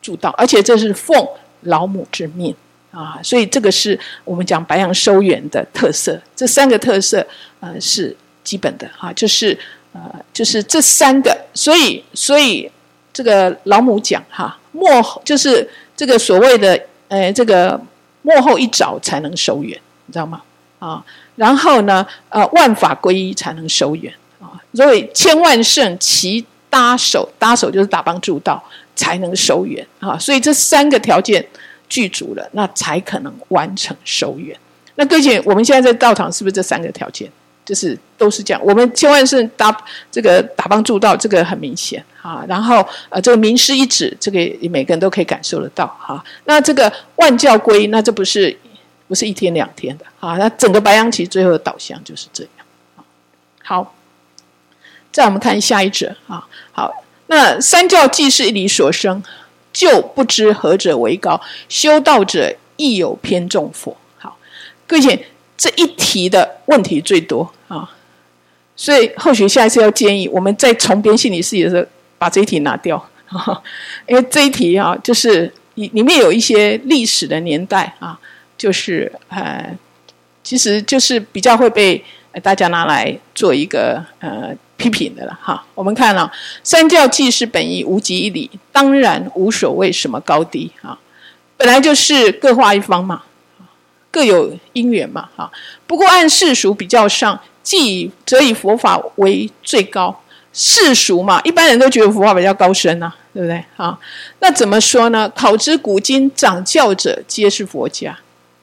助道，而且這是奉老母之命啊，所以這個是我們講白陽收圓的特色。這三個特色，呃，是基本的哈，就是呃，就是這三個，所以所以這個老母講哈，末，就是這個所謂的呃，這個末後一著才能收圓，你知道嗎？啊，然後呢，呃，萬法歸一才能收圓。啊，所以千萬聖齊搭手，搭手就是搭幫助道，才能收圓啊。所以這三個條件具足了，那才可能完成收圓。那各位姐，我們現在在道場是不是這三個條件？就是都是這樣。我們千萬聖搭這個搭幫助道，這個很明顯啊。然後呃，這個明師一指，這個每個人都可以感受得到哈。那這個萬教歸一，那這不是不是一天兩天的啊？那整個白陽期最後的導向就是這樣。好。再我們看下一者啊，好，那三教既是一理所生，就不知何者為高。修道者亦有偏重佛。好，各位，請這一題的問題最多啊，所以後學下一次要建議我們再重編性理釋疑的時候，把這一題拿掉，因為這一題啊，就是裡裡面有一些歷史的年代啊，就是呃，其實就是比較會被大家拿來做一個呃。批評的了哈，我們看了，啊、三教濟世，本意無極一理，當然無所謂什麼高低啊，本來就是各化一方嘛，各有因緣嘛哈。不過按世俗比較上，即以則以佛法為最高世俗嘛，一般人都覺得佛法比較高深吶、啊，對不對啊？那怎麼說呢？考之古今掌教者皆是佛家，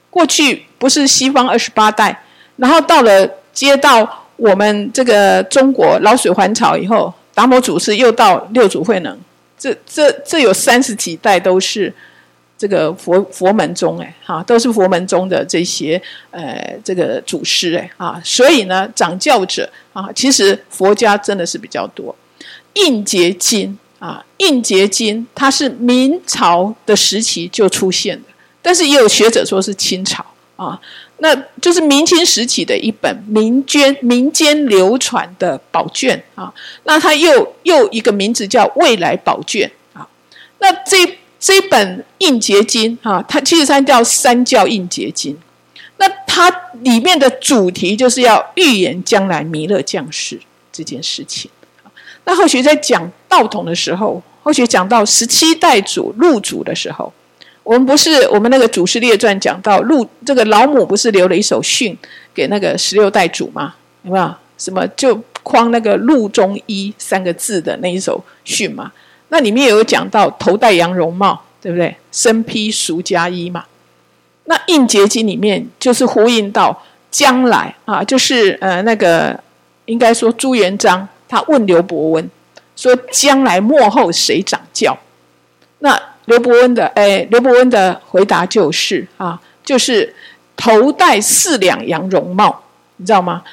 過去不是西方二十八代，然後到了接到。我們這個中國老水還潮以後，達摩祖師又到六祖慧能，這這這有三十幾代都是這個佛佛門中哎哈，都是佛門中的這些呃這個祖師哎啊，所以呢掌教者啊，其實佛家真的是比較多。應結經啊，應結經它是明朝的時期就出現的，但是也有學者說是清朝啊。那就是明清時期的一本民間民間流傳的寶卷啊，那它又又一個名字叫未來寶卷啊。那這這本應劫經啊，它其實它叫三教應劫經。那它裡面的主題就是要預言將來彌勒降世這件事情。那後續在講道統的時候，或許講到十七代祖路祖的時候。我們不是，我們那個祖師列傳講到陸這個老母不是留了一首訓給那個十六代祖嗎？有沒有什麼就框那個“路中一”三個字的那一首訓嘛？那裡面也有講到頭戴羊絨帽，對不對？身披俗家衣嘛。那《應劫經》裡面就是呼應到將來啊，就是呃那個應該說朱元璋他問劉伯溫說：“將來末後誰掌教？”那。劉伯溫的，誒、欸、劉伯溫的回答就是啊，就是頭戴四兩羊絨帽，你知道嗎？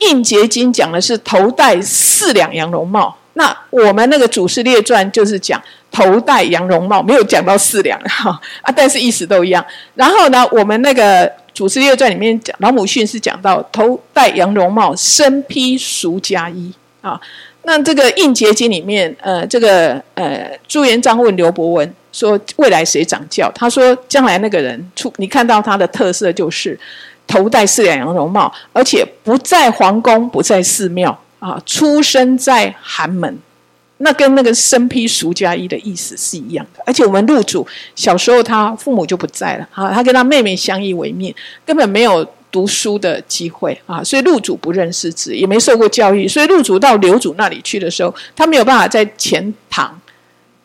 《印節經》講的是頭戴四兩羊絨帽。那我們那個《祖師列傳》就是講頭戴羊絨帽，沒有講到四兩哈啊，但是意思都一樣。然後呢，我們那個《祖師列傳》裡面講老母訓是講到頭戴羊絨帽，身披俗家衣啊。那這個《印節經》裡面，呃，這個呃，朱元璋問劉伯溫。說未來誰掌教？他說，將來那個人出，你看到他的特色就是頭戴四兩羊絨帽，而且不在皇宮，不在寺廟啊，出生在寒門，那跟那個身披俗家衣的意思是一樣的。而且我們路祖小時候他父母就不在了啊，他跟他妹妹相依為命，根本沒有讀書的機會啊，所以路祖不認識字，也沒受過教育，所以路祖到劉祖那裡去的時候，他沒有辦法在前堂，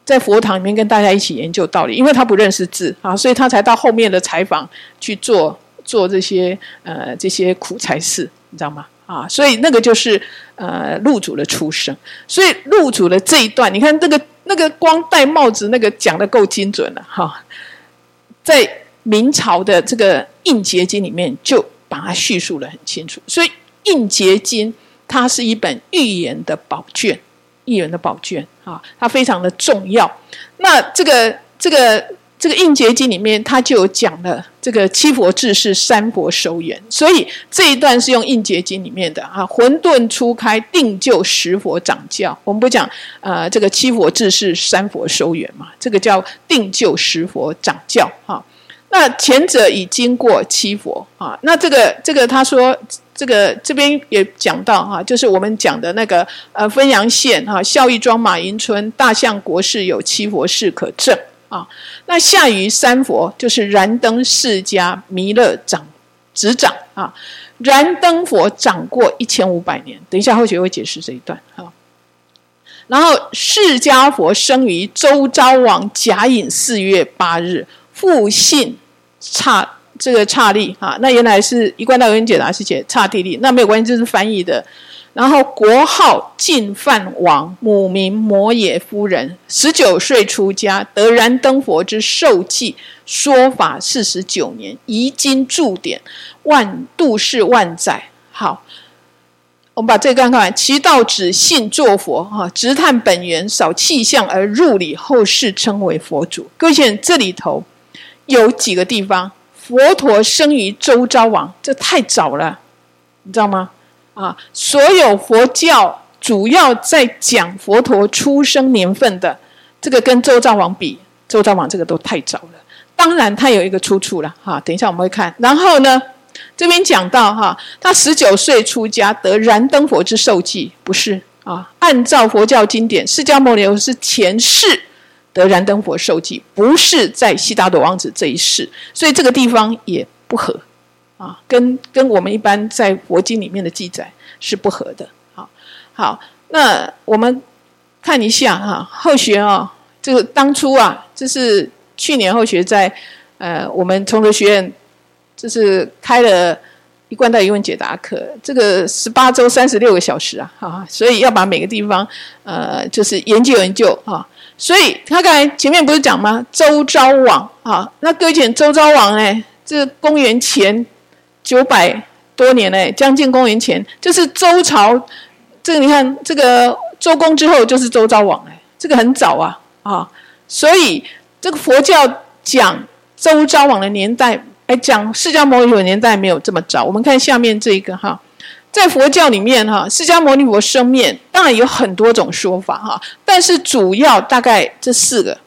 在佛堂裡面跟大家一起研究道理，因為他不認識字啊，所以他才到後面的碓房去做做這些呃這些苦差事，你知道嗎？啊，所以那個就是呃六祖的出生，所以六祖的這一段，你看那個那個光戴帽子那個講的夠精準了哈，在明朝的這個《印結經》裡面就把它敘述的很清楚，所以《印結經》它是一本預言的寶卷。一人的寶卷啊，它非常的重要。那這個這個這個這個《印結經》裡面，它就有講了這個七佛治世、三佛收元。所以這一段是用《印結經》裡面的啊。混沌初開，定就十佛掌教。我們不講呃，這個七佛治世、三佛收元嘛，這個叫定就十佛掌教。那前者已經過七佛啊，那這個這個他說。這個這邊也講到哈，就是我們講的那個呃，汾陽縣啊孝義莊馬營村大相國寺有七佛寺可證啊。那下於三佛，就是燃燈釋迦彌勒掌執掌啊。燃燈佛掌過一千五百年，等一下後學會解釋這一段啊。然後釋迦佛生於周昭王甲寅四月八日，復姓差。這個剎利哈，那原來是一貫道有點解答是寫剎帝利，那沒有關係，就是翻譯的。然後國號淨飯王，母名摩耶夫人，十九歲出家，得燃燈佛之授記，說法四十九年，遺經著典，萬度世萬載。好，我們把這個剛看完，其道指性作佛啊，直探本源，掃氣象而入理，後世稱為佛祖。各位先生，這裡頭有幾個地方。佛陀生於周昭王，這太早了，你知道嗎？啊，所有佛教主要在講佛陀出生年份的，這個跟周昭王比，周昭王這個都太早了。當然，它有一個出處了哈、啊。等一下我們會看。然後呢，這邊講到哈、啊，他十九歲出家，得燃燈佛之授記，不是啊？按照佛教經典，釋迦牟尼是前世。得燃燈佛授記，不是在悉達多王子這一世，所以這個地方也不合，啊，跟跟我們一般在佛經裡面的記載是不合的。好、啊，好，那我們看一下哈、啊，後學啊，這個當初啊，這、就是去年後學在呃，我們崇德學院，這是開了一貫道疑問解答課，這個十八周三十六個小時啊，啊，所以要把每個地方呃，就是研究研究啊。所以他剛才前面不是講嗎？周昭王啊、哦，那擱、個、以前，周昭王哎、欸，這個、公元前九百多年哎、欸，將近公元前，就是周朝，這個、你看這個周公之後就是周昭王、欸、這個很早啊啊、哦，所以這個佛教講周昭王的年代，哎講釋迦牟尼的年代沒有這麼早。我們看下面這一個哈。哦在佛教裡面哈，釋迦牟尼佛生滅當然有很多種說法哈，但是主要大概這四個。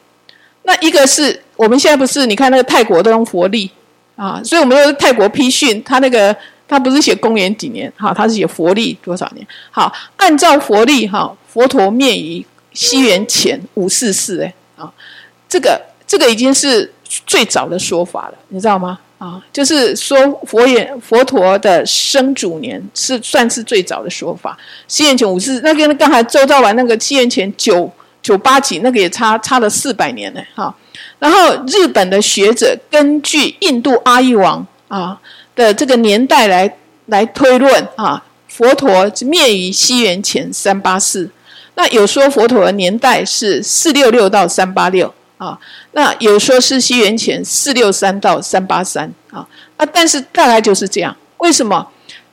那一個是我們現在不是你看那個泰國都用佛曆啊，所以我們的泰國批訓，他那個他不是寫公元幾年哈，他是寫佛曆多少年。好，按照佛曆哈，佛陀滅於西元前五四四哎啊，這個這個已經是最早的說法了，你知道嗎？啊，就是說，佛眼佛陀的生卒年是算是最早的說法，西元前五世。那個剛才周昭王那個西元前九九八幾，那個也差差了四百年呢。哈，然後日本的學者根據印度阿育王啊的這個年代來來推論啊，佛陀滅於西元前三八四。那有說佛陀的年代是四六六到三八六。啊，那有說是西元前四六三到三八三啊，啊，但是大概就是這樣。為什麼？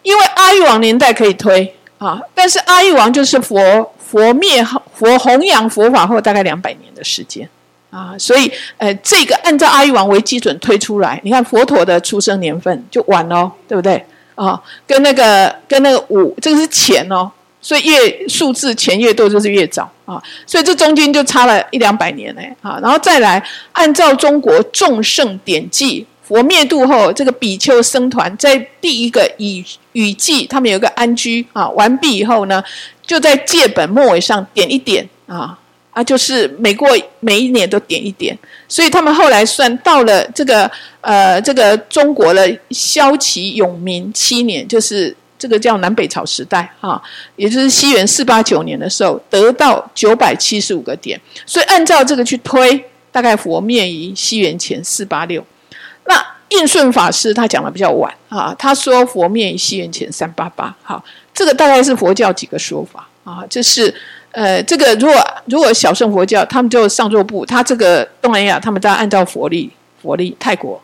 因為阿育王年代可以推啊，但是阿育王就是佛佛滅佛弘揚佛法後大概兩百年的時間啊，所以呃，這個按照阿育王為基準推出來，你看佛陀的出生年份就晚哦，對不對啊？跟那個跟那個五，這個是前哦。所以越數字前越多，就是越早啊。所以這中間就差了一兩百年哎、欸、啊。然後再來，按照中國眾聖點記，佛滅度後，這個比丘僧團在第一個雨雨季，他們有個安居啊完畢以後呢，就在戒本末尾上點一點啊啊，啊就是每過每一年都點一點。所以他們後來算到了這個呃這個中國的蕭齊永明七年，就是。這個叫南北朝時代，哈，也就是西元四八九年的時候，得到九百七十五個點，所以按照這個去推，大概佛滅於西元前四八六。那印順法師他講得比較晚，啊，他說佛滅於西元前三八八，好，這個大概是佛教幾個說法啊，這、就是，呃，這個如果如果小乘佛教，他們就上座部，他這個東南亞，他們在按照佛曆，佛曆泰國，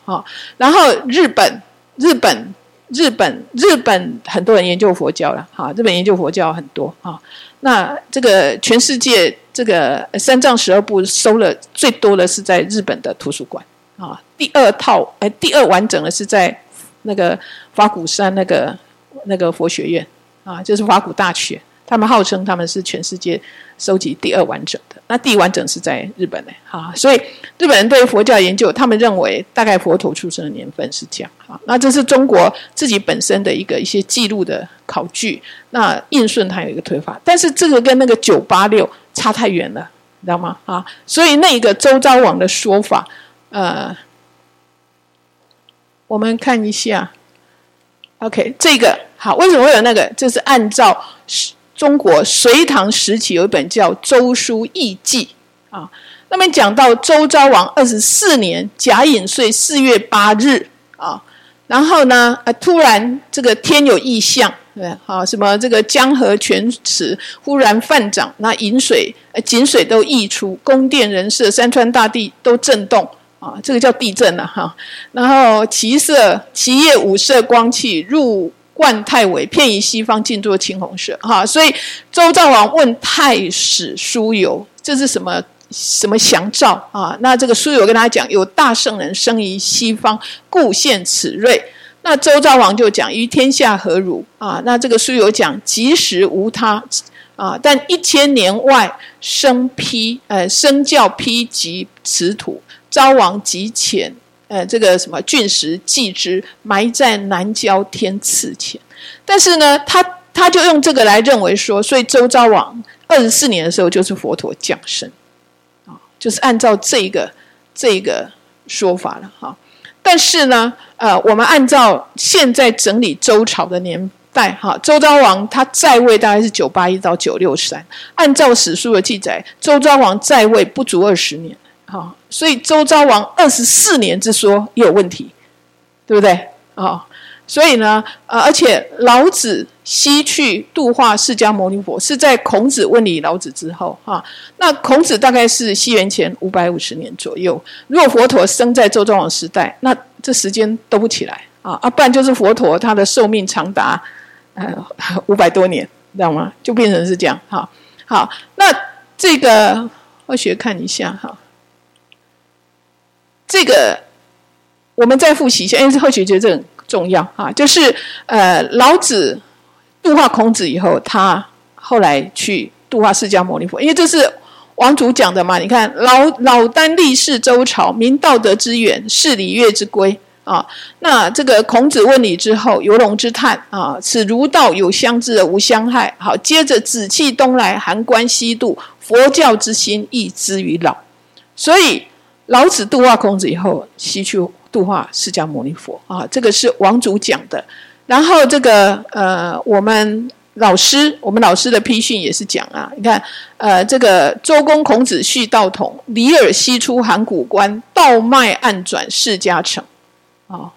然後日本，日本。日本，日本很多人研究佛教了，哈，日本研究佛教很多，啊，那這個全世界這個三藏十二部收了最多的是在日本的圖書館，啊，第二套，哎，第二完整的是在那個法鼓山那個那個佛學院，啊，就是法鼓大學。他們號稱他們是全世界收集第二完整的，那第一完整是在日本呢？哈，所以日本人對佛教研究，他們認為大概佛陀出生的年份是這樣，哈，那這是中國自己本身的一個一些記錄的考據，那印順他有一個推法，但是這個跟那個九八六差太遠了，你知道嗎？啊，所以那個周昭王的說法，呃，我們看一下，OK，這個好，為什麼會有那個？這是按照中國隋唐時期有一本叫《周書異記》啊，那麼講到周昭王二十四年甲寅歲四月八日啊，然後呢，呃，突然這個天有異象，什麼這個江河泉池忽然泛漲，那引水、井水都溢出，宮殿人、人舍山川大地都震動啊，這個叫地震了、啊、哈。然後其色其夜五色光氣入。貫太微遍於西方，盡作青紅色。哈、啊，所以周昭王問太史蘇由，這是什麼什麼祥兆啊？那這個蘇由跟大家講，有大聖人生於西方，故現此瑞。那周昭王就講，於天下何如啊？那這個蘇由講，即時無他啊，但一千年外聲被、呃，聲教被及此土，昭王即遣。呃，這個什麼鐫石記之，埋在南郊天賜前。但是呢，他他就用這個來認為說，所以周昭王二十四年的時候就是佛陀降生，啊、哦，就是按照這個這個說法了哈、哦。但是呢，呃，我們按照現在整理周朝的年代哈、哦，周昭王他在位大概是九八一到九六三，按照史書的記載，周昭王在位不足二十年。好，所以周昭王二十四年之說也有問題，對不對？啊、哦，所以呢，啊，而且老子西去度化釋迦牟尼佛是在孔子問禮老子之後，哈、哦。那孔子大概是西元前五百五十年左右。如果佛陀生在周昭王時代，那這時間都不起來啊啊、哦！不然就是佛陀他的壽命長達呃五百多年，知道嗎？就變成是這樣。哈、哦。好，那這個我學看一下哈。這個，我們再複習一下。因為是後許覺得這很重要啊。就是呃，老子度化孔子以後，他後來去度化釋迦牟尼佛，因為這是王祖講的嘛。你看，老老丹立世周朝，明道德之遠，事禮樂之歸啊。那這個孔子問禮之後，游龍之嘆啊，此儒道有相知而無相害。好、啊，接着紫氣東來，函關西渡，佛教之心益之於老，所以。老子度化孔子以後，西去度化釋迦牟尼佛啊，這個是王祖講的。然後這個呃，我們老師，我們老師的批訓也是講啊，你看，呃，這個周公孔子續道統，李耳西出函谷關，道脈暗轉釋迦城，啊，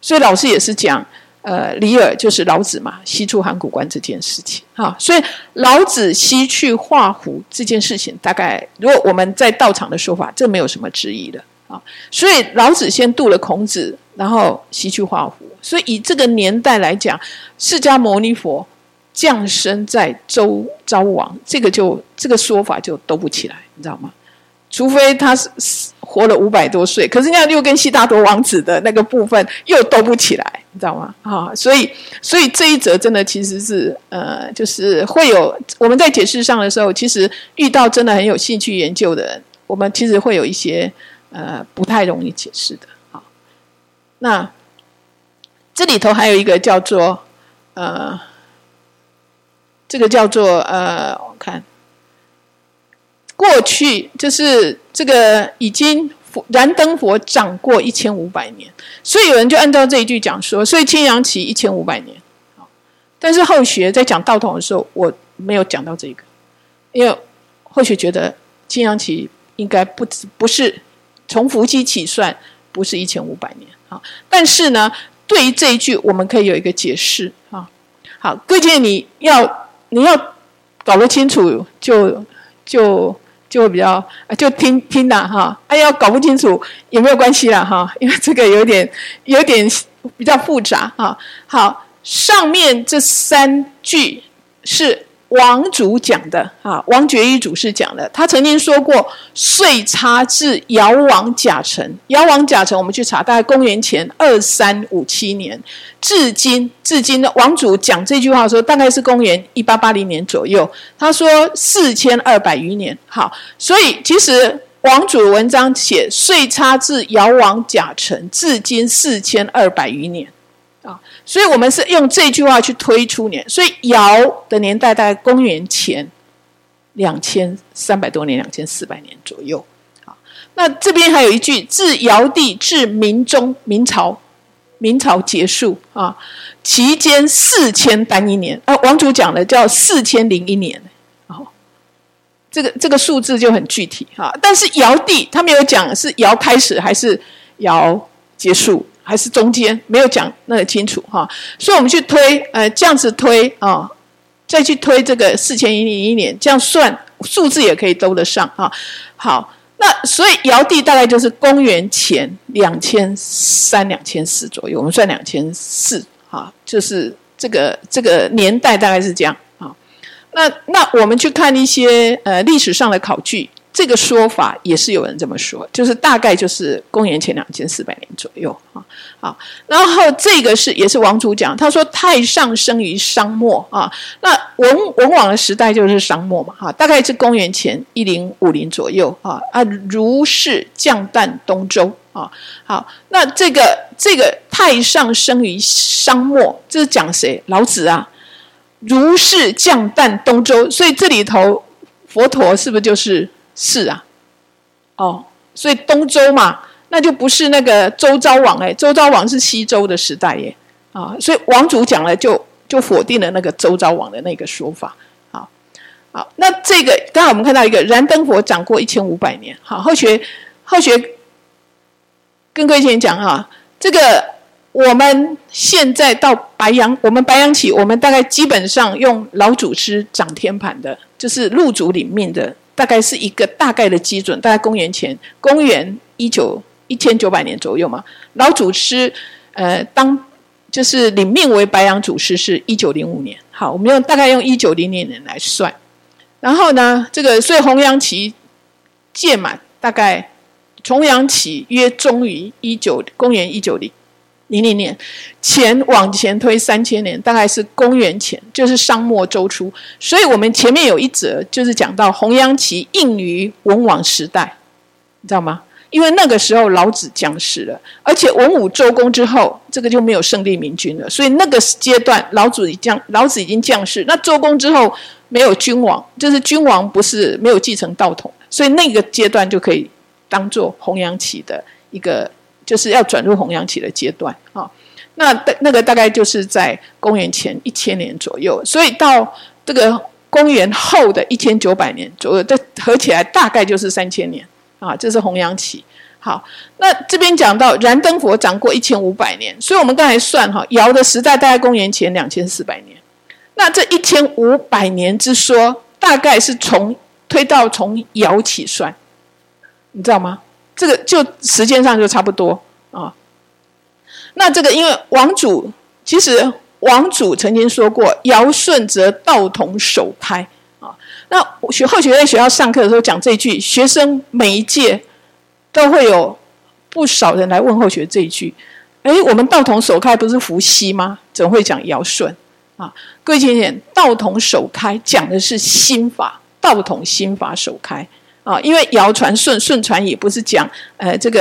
所以老師也是講。呃，李耳就是老子嘛，西出函谷關這件事情，哈、啊，所以老子西去化胡這件事情，大概如果我們在道場的說法，這沒有什麼質疑的啊。所以老子先渡了孔子，然後西去化胡。所以以這個年代來講，釋迦牟尼佛降生在周昭王，這個就這個說法就兜不起來，你知道嗎？除非他是活了五百多歲，可是那又跟悉達多王子的那個部分又兜不起來。你知道嗎？啊、哦，所以，所以這一則真的其實是，呃，就是會有我們在解釋上的時候，其實遇到真的很有興趣研究的人，我們其實會有一些呃不太容易解釋的。哦、那這裡頭還有一個叫做呃，這個叫做呃，我看過去就是這個已經。燃燈佛掌過一千五百年，所以有人就按照這一句講說，所以青陽期一千五百年。但是後學在講道統的時候，我沒有講到這個，因為後學覺得青陽期應該不不不是從伏羲起算，不是一千五百年啊。但是呢，對於這一句，我們可以有一個解釋啊。好，各界你要你要搞不清楚就就。就比較就聽聽啦哈、哦，哎呀，搞不清楚也沒有關係了哈，因為這個有點有點比較複雜哈、哦。好，上面這三句是王祖講的啊，王覺一祖師講的。他曾經說過：“歲差至堯王甲辰，堯王甲辰，我們去查，大概公元前二三五七年，至今，至今的王祖講這句話的時候，大概是公元一八八零年左右。他說四千二百餘年。好，所以其實王祖文章寫歲差至堯王甲辰，至今四千二百餘年啊。”所以，我們是用這句話去推出年，所以堯的年代大概公元前兩千三百多年，兩千四百年左右。啊，那這邊還有一句：自堯帝至明中，明朝明朝結束啊，其間四千單一年。啊、呃，王主講的叫四千零一年。哦，這個這個數字就很具體啊，但是堯帝，他沒有講是堯開始還是堯結束。還是中間，沒有講那個清楚哈，所以我們去推，呃，這樣子推啊，再去推這個四千零一年，這樣算數字也可以兜得上哈。好，那所以堯帝大概就是公元前兩千三兩千四左右，我們算兩千四啊，就是這個這個年代大概是這樣啊。那那我們去看一些呃歷史上的考據。這個說法也是有人這麼說，就是大概就是公元前兩千四百年左右啊，好，然後這個是也是王祖講，他說太上生於商末啊，那文文王的時代就是商末嘛，哈、啊，大概是公元前一零五零左右啊，啊，如是降誕東周啊，好，那這個這個太上生於商末，這是講誰？老子啊，如是降誕東周，所以這裡頭佛陀是不是就是？是啊，哦，所以東周嘛，那就不是那個周昭王哎、欸，周昭王是西周的時代耶、欸，啊、哦，所以王祖講了就就否定了那個周昭王的那個說法，啊、哦，好、哦，那這個剛才我們看到一個燃燈佛掌過一千五百年，好，後學後學跟各位先講哈、啊，這個我們現在到白陽，我們白陽期，我們大概基本上用老祖師掌天盤的，就是路祖裡面的。大概是一個大概的基準，大概公元前，公元一九、一千九百年左右嘛。老祖師，呃，當就是領命為白陽祖師是一九零五年，好，我們用大概用一九零零年來算。然後呢，這個，所以紅陽期屆滿，大概重陽期約終於一九，公元一九零、零零年前往前推三千年，大概是公元前，就是商末周初。所以，我們前面有一則，就是講到紅陽期應於文王時代，你知道嗎？因為那個時候老子降世了，而且文武周公之後，這個就沒有聖立明君了。所以，那個階段，老子已降，老子已經降世。那周公之後，沒有君王，就是君王不是沒有繼承道統，所以那個階段就可以當做紅陽期的一個。就是要轉入紅陽期的階段啊，那大那個大概就是在公元前一千年左右，所以到這個公元後的一千九百年左右，這合起來大概就是三千年啊，這是紅陽期。好，那這邊講到燃燈佛掌過一千五百年，所以我們剛才算哈，堯的時代大概公元前兩千四百年，那這一千五百年之說，大概是從推到從堯起算，你知道嗎？這個就時間上就差不多啊。那這個因為王祖，其實王祖曾經說過“堯舜則道統首開”啊。那學後學在學校上課的時候講這一句，學生每一屆都會有不少人來問後學這一句。哎、欸，我們道統首開不是伏羲嗎？怎會講堯舜啊？各位請見，道統首開講的是心法，道統心法首開。啊、哦，因為堯傳舜，舜傳禹，不是講，呃，這個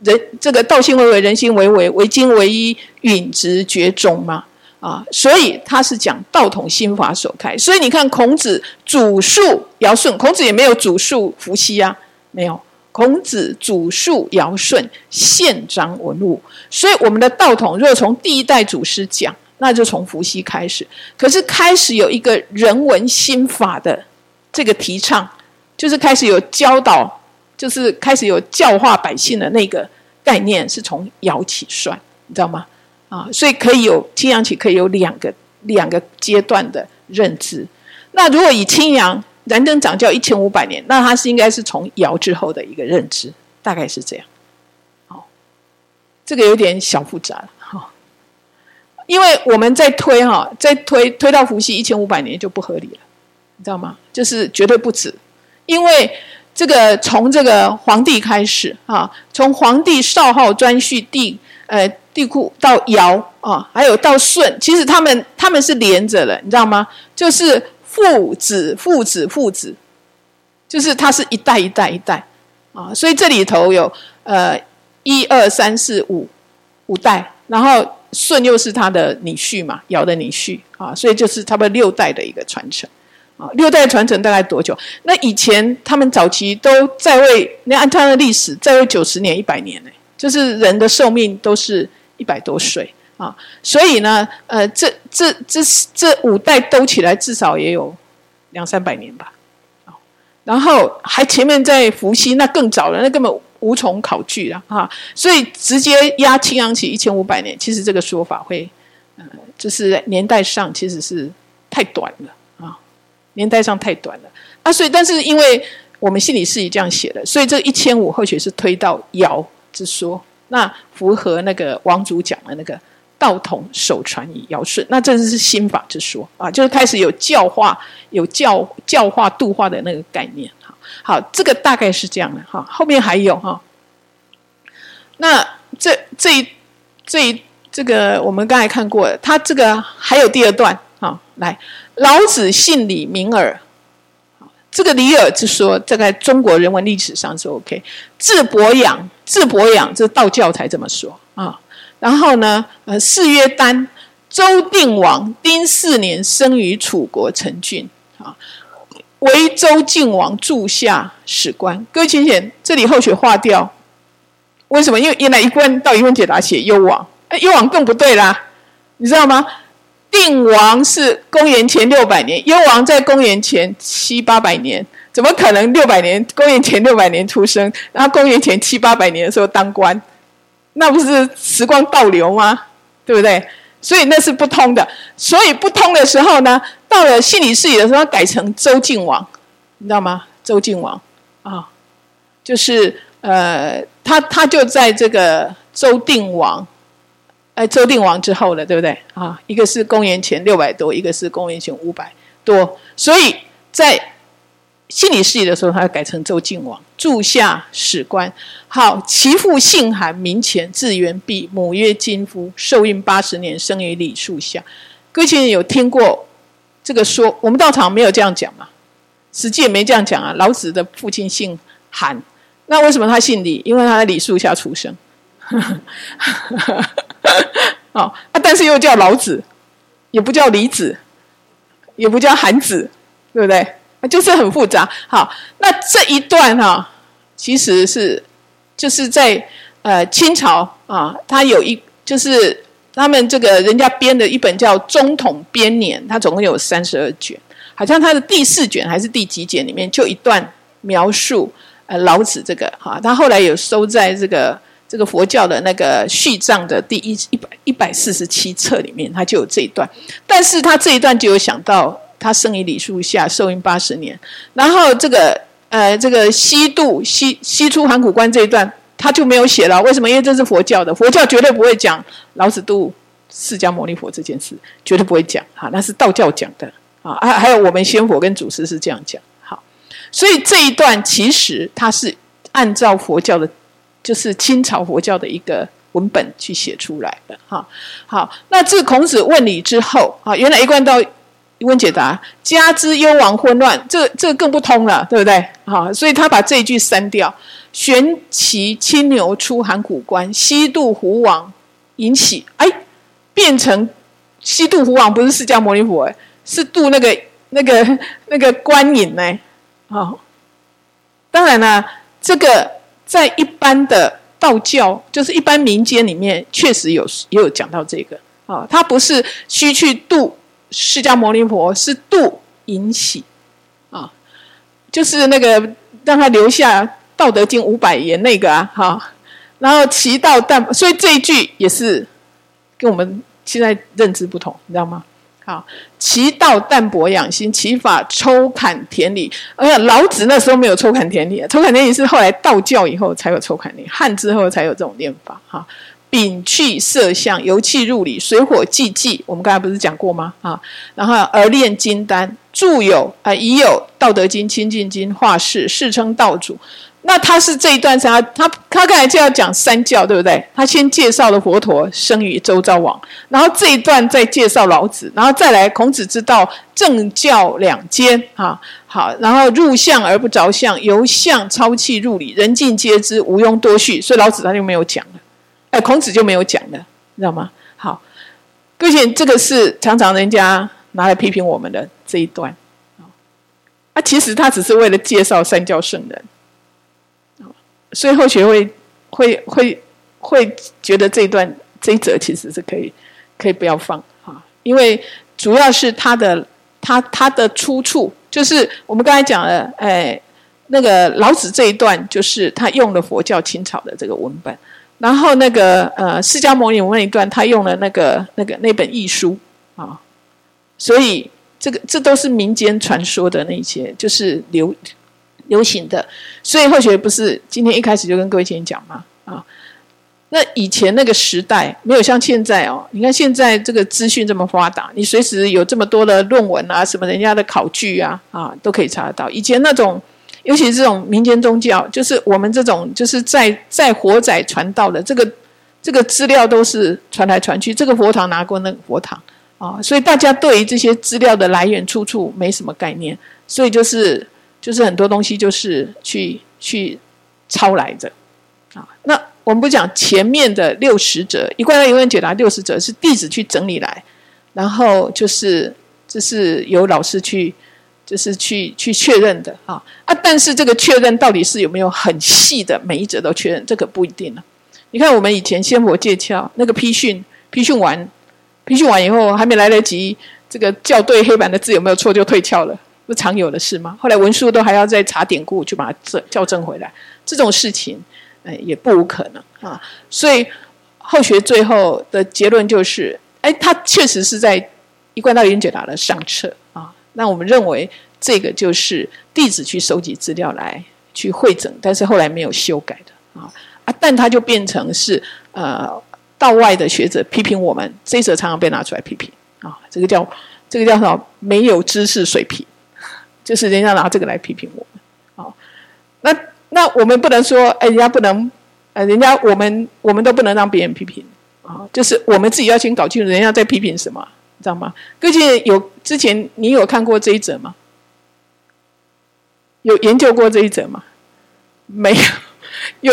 人這個道心惟微，人心惟危，惟精惟一，允執厥中嘛。啊、哦，所以他是講道統心法所開。所以你看，孔子祖述堯舜，孔子也沒有祖述伏羲啊，沒有。孔子祖述堯舜，憲章文武。所以我們的道統，若從第一代祖師講，那就從伏羲開始。可是開始有一個人文心法的這個提倡，就是開始有教導，就是開始有教化百姓的那個概念，是從堯起算，你知道嗎？啊，所以可以有青陽起，可以有兩個兩個階段的認知。那如果以青陽燃燈掌教一千五百年，那它是應該是從堯之後的一個認知，大概是這樣。哦，這個有點小複雜了哈、哦，因為我們在推哈、哦，在推推到伏羲一千五百年就不合理了，你知道嗎？就是絕對不止。因為這個從這個黃帝開始啊，從黃帝少昊顓頊帝呃帝嚳到堯啊，還有到舜，其實他們他們是連着的，你知道嗎？就是父子父子父子，就是他是一代一代一代啊，所以這裡頭有呃一二三四五五代，然後舜又是他的女婿嘛，堯的女婿啊，所以就是他們六代的一個傳承。啊、哦，六代傳承大概多久？那以前他們早期都在位，你看他的歷史，在位九十年、一百年呢，就是人的壽命都是一百多歲啊、哦。所以呢，呃，這這這這，這五代兜起來，至少也有兩三百年吧。哦、然後還前面在伏羲，那更早了，那根本無從考據了哈、哦，所以直接壓青陽期一千五百年，其實這個說法會，呃，就是年代上其實是太短了。年代上太短了啊，所以但是因為我們《性理》是以這樣寫的，所以這一千五或許是推到堯之說，那符合那個王族講的那個道統手傳於堯舜，那這是心法之說啊，就是開始有教化、有教教化度化的那個概念哈。好，這個大概是這樣的哈。後面還有哈，那這這一這一這個我們剛才看過了，他這個還有第二段。來，老子姓李名耳，這個李耳之說在、這個、在中國人文歷史上是 OK。字伯陽，字伯陽，這道教才這麼說啊。然後呢，呃，諡曰聃。周定王丁四年生於楚國陳郡，啊，為周敬王柱下史官。各位請先，這裡後學劃掉，為什麼？因為原來一貫道疑問解答寫幽王，幽、欸、王更不對啦，你知道嗎？定王是公元前六百年，幽王在公元前七八百年，怎麼可能六百年？公元前六百年出生，然後公元前七八百年的時候當官，那不是時光倒流嗎？對不對？所以那是不通的。所以不通的時候呢，到了信史時期的時候，改成周晉王，你知道嗎？周晉王啊、哦，就是呃，他他就在這個周定王。哎，周定王之後了，對不對？啊，一個是公元前六百多，一個是公元前五百多，所以在姓李氏的時候，他要改成周敬王。柱下史官，好，其父姓韓，名乾，字元弼，母曰金夫，受孕八十年，生於李樹下。各位前賢有聽過這個說？我們道場沒有這樣講嘛？史記也沒這樣講啊。老子的父親姓韓，那為什麼他姓李？因為他在李樹下出生。 哦，啊，但是又叫老子，也不叫李子，也不叫韓子，對不對？啊、就是很複雜。好，那這一段哈、啊，其實是就是在呃清朝啊，他、哦、有一就是他們這個人家編的一本叫《中統編年》，它總共有三十二卷，好像它的第四卷還是第幾卷裡面就一段描述呃老子這個哈，他、哦、後來有收在這個。這個佛教的那個續藏的第一一百一百四十七冊裡面，它就有這一段，但是他這一段就有想到他生於李樹下，壽命八十年，然後這個呃這個西渡西西出函谷關這一段，他就沒有寫了。為什麼？因為這是佛教的，佛教絕對不會講老子度釋迦牟尼佛這件事，絕對不會講。哈，那是道教講的啊，還還有我們仙佛跟祖師是這樣講。好，所以這一段其實它是按照佛教的。就是清朝佛教的一個文本，去寫出來的哈，好，那自孔子問禮之後，啊，原來一貫道一問解答，加之幽王混亂，這這更不通了，對不對？好，所以他把這一句刪掉，玄騎青牛出函谷關，西渡胡王引起，哎，變成西渡胡王不是釋迦牟尼佛，欸、是渡那個那個那個觀音呢，好，當然了，啊，這個。在一般的道教，就是一般民間裡面，確實有也有講到這個啊、哦，他不是需去度釋迦牟尼佛，是度尹喜啊、哦，就是那個讓他留下《道德經》五百言那個啊，哈、哦，然後其道但，所以這一句也是跟我們現在認知不同，你知道嗎？好，其道淡泊養心，其法抽坎填離。呃，老子那時候沒有抽坎填離，抽坎填離是後來道教以後才有抽坎離，漢之後才有這種練法。哈，摒去色相，由氣入理，水火既濟。我們剛才不是講過嗎？啊，然後而煉金丹，著有啊、呃、已有《道德經》、《清淨經》、《化世》，世稱道祖。那他是這一段才，他他他剛才就要講三教對不對？他先介紹了佛陀生於周昭王，然後這一段再介紹老子，然後再來孔子之道正教兩兼。哈好，然後入相而不着相，由相超氣入理，人盡皆知，無庸多敘，所以老子他就沒有講了，欸，孔子就沒有講了，你知道嗎？好，各位，這個是常常人家拿來批評我們的這一段啊，其實他只是為了介紹三教聖人。所以後學會會會會覺得這一段這一則其實是可以可以不要放啊，因為主要是他的他他的出處就是我們剛才講的。哎、欸，那個老子這一段就是他用了佛教清朝的這個文本，然後那個呃釋迦牟尼那一段他用了那個那個那本譯書啊，喔，所以這個這都是民間傳說的那一些，就是流。流行的，所以後學不是今天一開始就跟各位前賢講嘛啊。那以前那個時代沒有像現在哦，你看現在這個資訊這麼發達，你隨時有這麼多的論文啊，什麼人家的考據啊啊都可以查得到。以前那種，尤其是這種民間宗教，就是我們這種就是在在火宅傳道的、這個，這個這個資料都是傳來傳去，這個佛堂拿過那個佛堂啊，所以大家對於這些資料的來源出處沒什麼概念，所以就是。就是很多東西就是去去抄來的，啊，那我們不講前面的六十則，一貫道疑問解答六十則是弟子去整理來，然後就是這是由老師去就是去去確認的啊啊，但是這個確認到底是有沒有很細的每一則都確認，這個不一定呢。你看我們以前仙佛借竅那個批訓，批訓完批訓完以後，還沒來得及這個校對黑板的字有沒有錯，就退竅了。不常有的事嗎？後來文書都還要再查典故，就把它正校正回來。這種事情，哎，也不無可能啊。所以後學最後的結論就是：哎，他確實是在《一貫道疑問解答》的上冊啊。那我們認為這個就是弟子去收集資料來去彙整，但是後來沒有修改的啊啊。但他就變成是呃道外的學者批評我們，這一則常常被拿出來批評啊。這個叫這個叫什麼？沒有知識水平。就是人家拿這個來批評我們，好、哦，那那我們不能說，哎、欸，人家不能，呃、欸，人家我們我們都不能讓別人批評，啊、哦，就是我們自己要先搞清楚人家在批評什麼，你知道嗎？各位有之前你有看過這一則嗎？有研究過這一則嗎？沒有，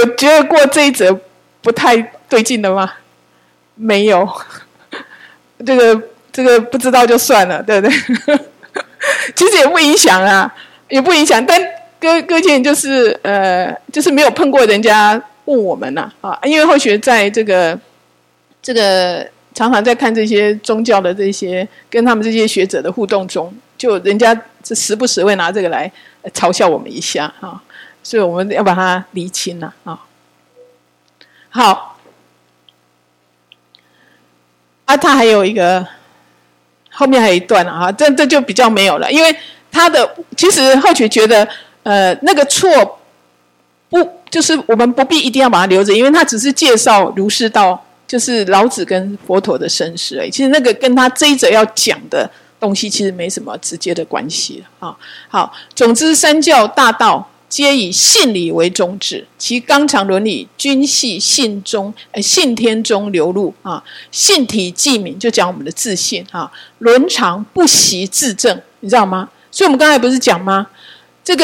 有覺得過這一則不太對勁的嗎？沒有， 這個這個不知道就算了，對不對？其實也不影響啊，也不影響。但各各件就是呃，就是沒有碰過人家問我們吶啊，啊，因為後學在這個這個常常在看這些宗教的這些跟他們這些學者的互動中，就人家是時不時會拿這個來嘲笑我們一下啊，所以我們要把它理清了啊，啊。好，啊，他還有一個。後面還有一段啊，這這就比較沒有了，因為他的其實賀舉覺得，呃，那個錯不就是我們不必一定要把它留着，因為他只是介紹儒釋道，就是老子跟佛陀的身世而已，其實那個跟他這一則要講的東西其實沒什麼直接的關係啊。好，總之三教大道，皆以性理為宗旨，其綱常倫理均係性中、欸、性天中流露啊。性體既明，就講我們的自性啊。倫常不習自正，你知道嗎？所以，我們剛才不是講嗎？這個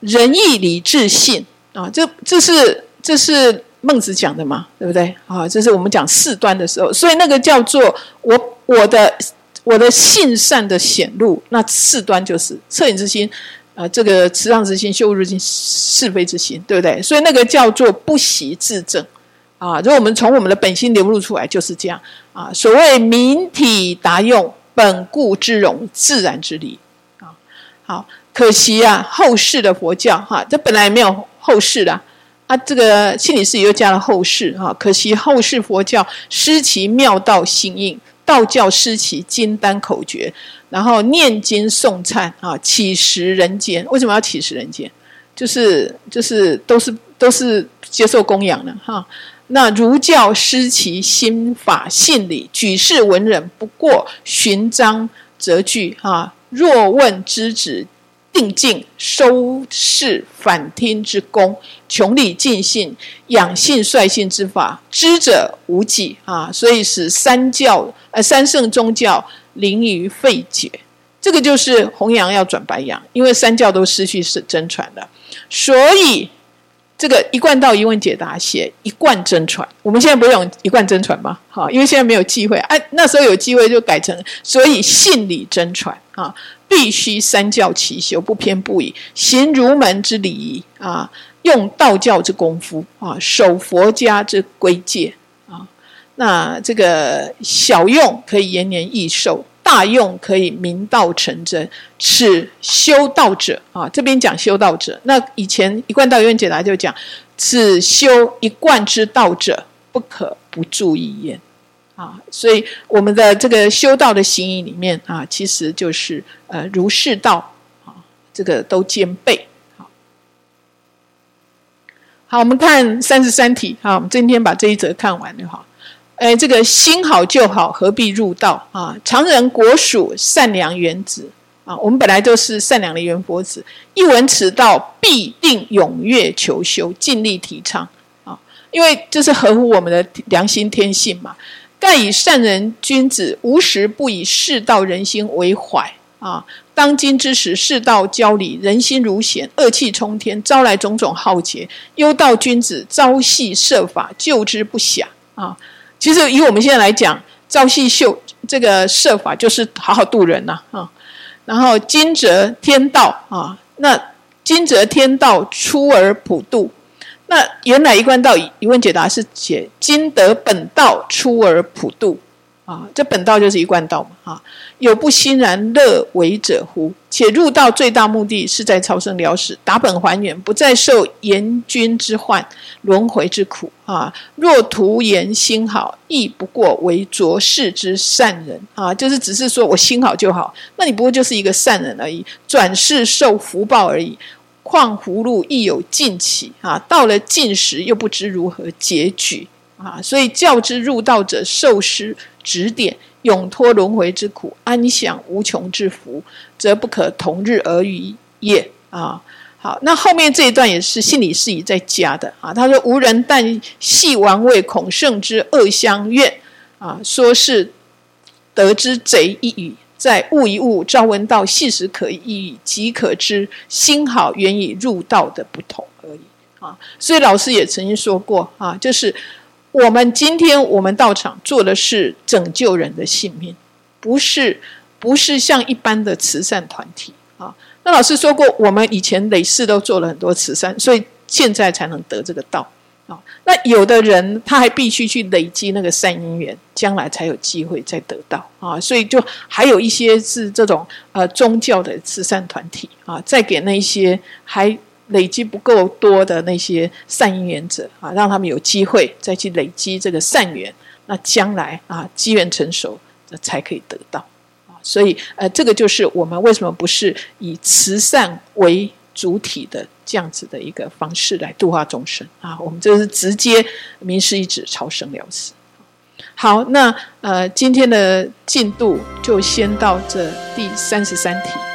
仁義禮智信啊，這這是這是孟子講的嘛，對不對？啊，這是我們講四端的時候，所以那個叫做我我的我的性善的顯露，那四端就是惻隱之心。啊、呃，這個辭讓之心、羞惡之心、是非之心，對不對？所以那個叫做不習自正，啊，如果我們從我們的本心流露出來，就是這樣。啊，所謂明體達用，本固枝榮，自然之理。啊，好可惜啊，後世的佛教哈、啊，這本來沒有後世的啊，這個《心經》裡又加了後世哈、啊，可惜後世佛教失其妙道心印。道教失其金丹口訣，然後念經誦懺啊，乞食人間。為什麼要乞食人間？就是就是都是都是接受供養的哈、啊。那儒教失其心法性理，舉世文人不過尋章摘句啊。若問之子。定靜收視反聽之功，窮理盡性，養性率性之法，知者無幾啊！所以使三教呃三聖宗教凌於廢絕。這個就是紅陽要轉白陽，因為三教都失去是真傳了。所以這個一貫道疑問解答寫一貫真傳，我們現在不用一貫真傳嘛，因為現在沒有機會。啊、那時候有機會就改成所以性理真傳啊。必須三教齊修，不偏不倚，行儒門之禮儀啊，用道教之功夫啊，守佛家之規戒啊。那這個小用可以延年益壽，大用可以明道成真。此修道者啊，這邊講修道者。那以前一貫道院解答就講，此修一貫之道者，不可不注意焉。所以我們的這個修道的行儀裡面啊，其實就是呃，儒釋道啊，這個都兼備。好，我們看三十三題。我們今天把這一則看完了。好。哎，這個心好就好，何必入道啊？常人國屬善良原子，啊，我們本來就是善良的原佛子。一聞此道，必定踴躍求修，盡力提倡啊，因為這是合乎我們的良心天性嘛。但以善人君子，無時不以世道人心為懷啊！當今之時，世道交離，人心如險，惡氣沖天，招來種種浩劫。憂道君子，朝夕設法救之不暇啊！其實以我們現在來講，朝夕修這個設法，就是好好度人吶啊，啊！然後今則天道啊，那今則天道出而普度。那原來一貫道疑問解答是解今得本道出而普度，啊，這本道就是一貫道嘛，啊，有不欣然樂為者乎？且入道最大目的是在超生了死，達本還原，不再受閻君之患，輪回之苦啊。若徒言心好，亦不過為濁世之善人啊。就是只是說我心好就好，那你不過就是一個善人而已，轉世受福報而已。況葫蘆亦有盡期啊！到了盡時，又不知如何結局啊！所以教之入道者，受師指點，永脫輪回之苦，安享無窮之福，則不可同日而語也啊！好，那後面這一段也是性理釋疑再加的啊。他說：“吾人但系王位，孔聖之惡鄉愿啊，說是德之賊一語。”再悟一悟，朝聞道，夕死可矣，即可知心好，源於入道的不同而已啊。所以老師也曾經說過啊，就是我們今天我們道場做的是拯救人的性命，不是不是像一般的慈善團體啊。那老師說過，我們以前累世都做了很多慈善，所以現在才能得這個道。啊，那有的人他還必須去累積那個善因緣，將來才有機會再得到啊。所以就還有一些是這種呃宗教的慈善團體啊，再給那些還累積不夠多的那些善因緣者啊，讓他們有機會再去累積這個善緣，那將來啊機緣成熟，才可以得到啊。所以呃，這個就是我們為什麼不是以慈善為主體的。這樣子的一個方式來度化眾生啊，我們這是直接明師一指超生了事。好，那呃今天的進度就先到這第三十三題。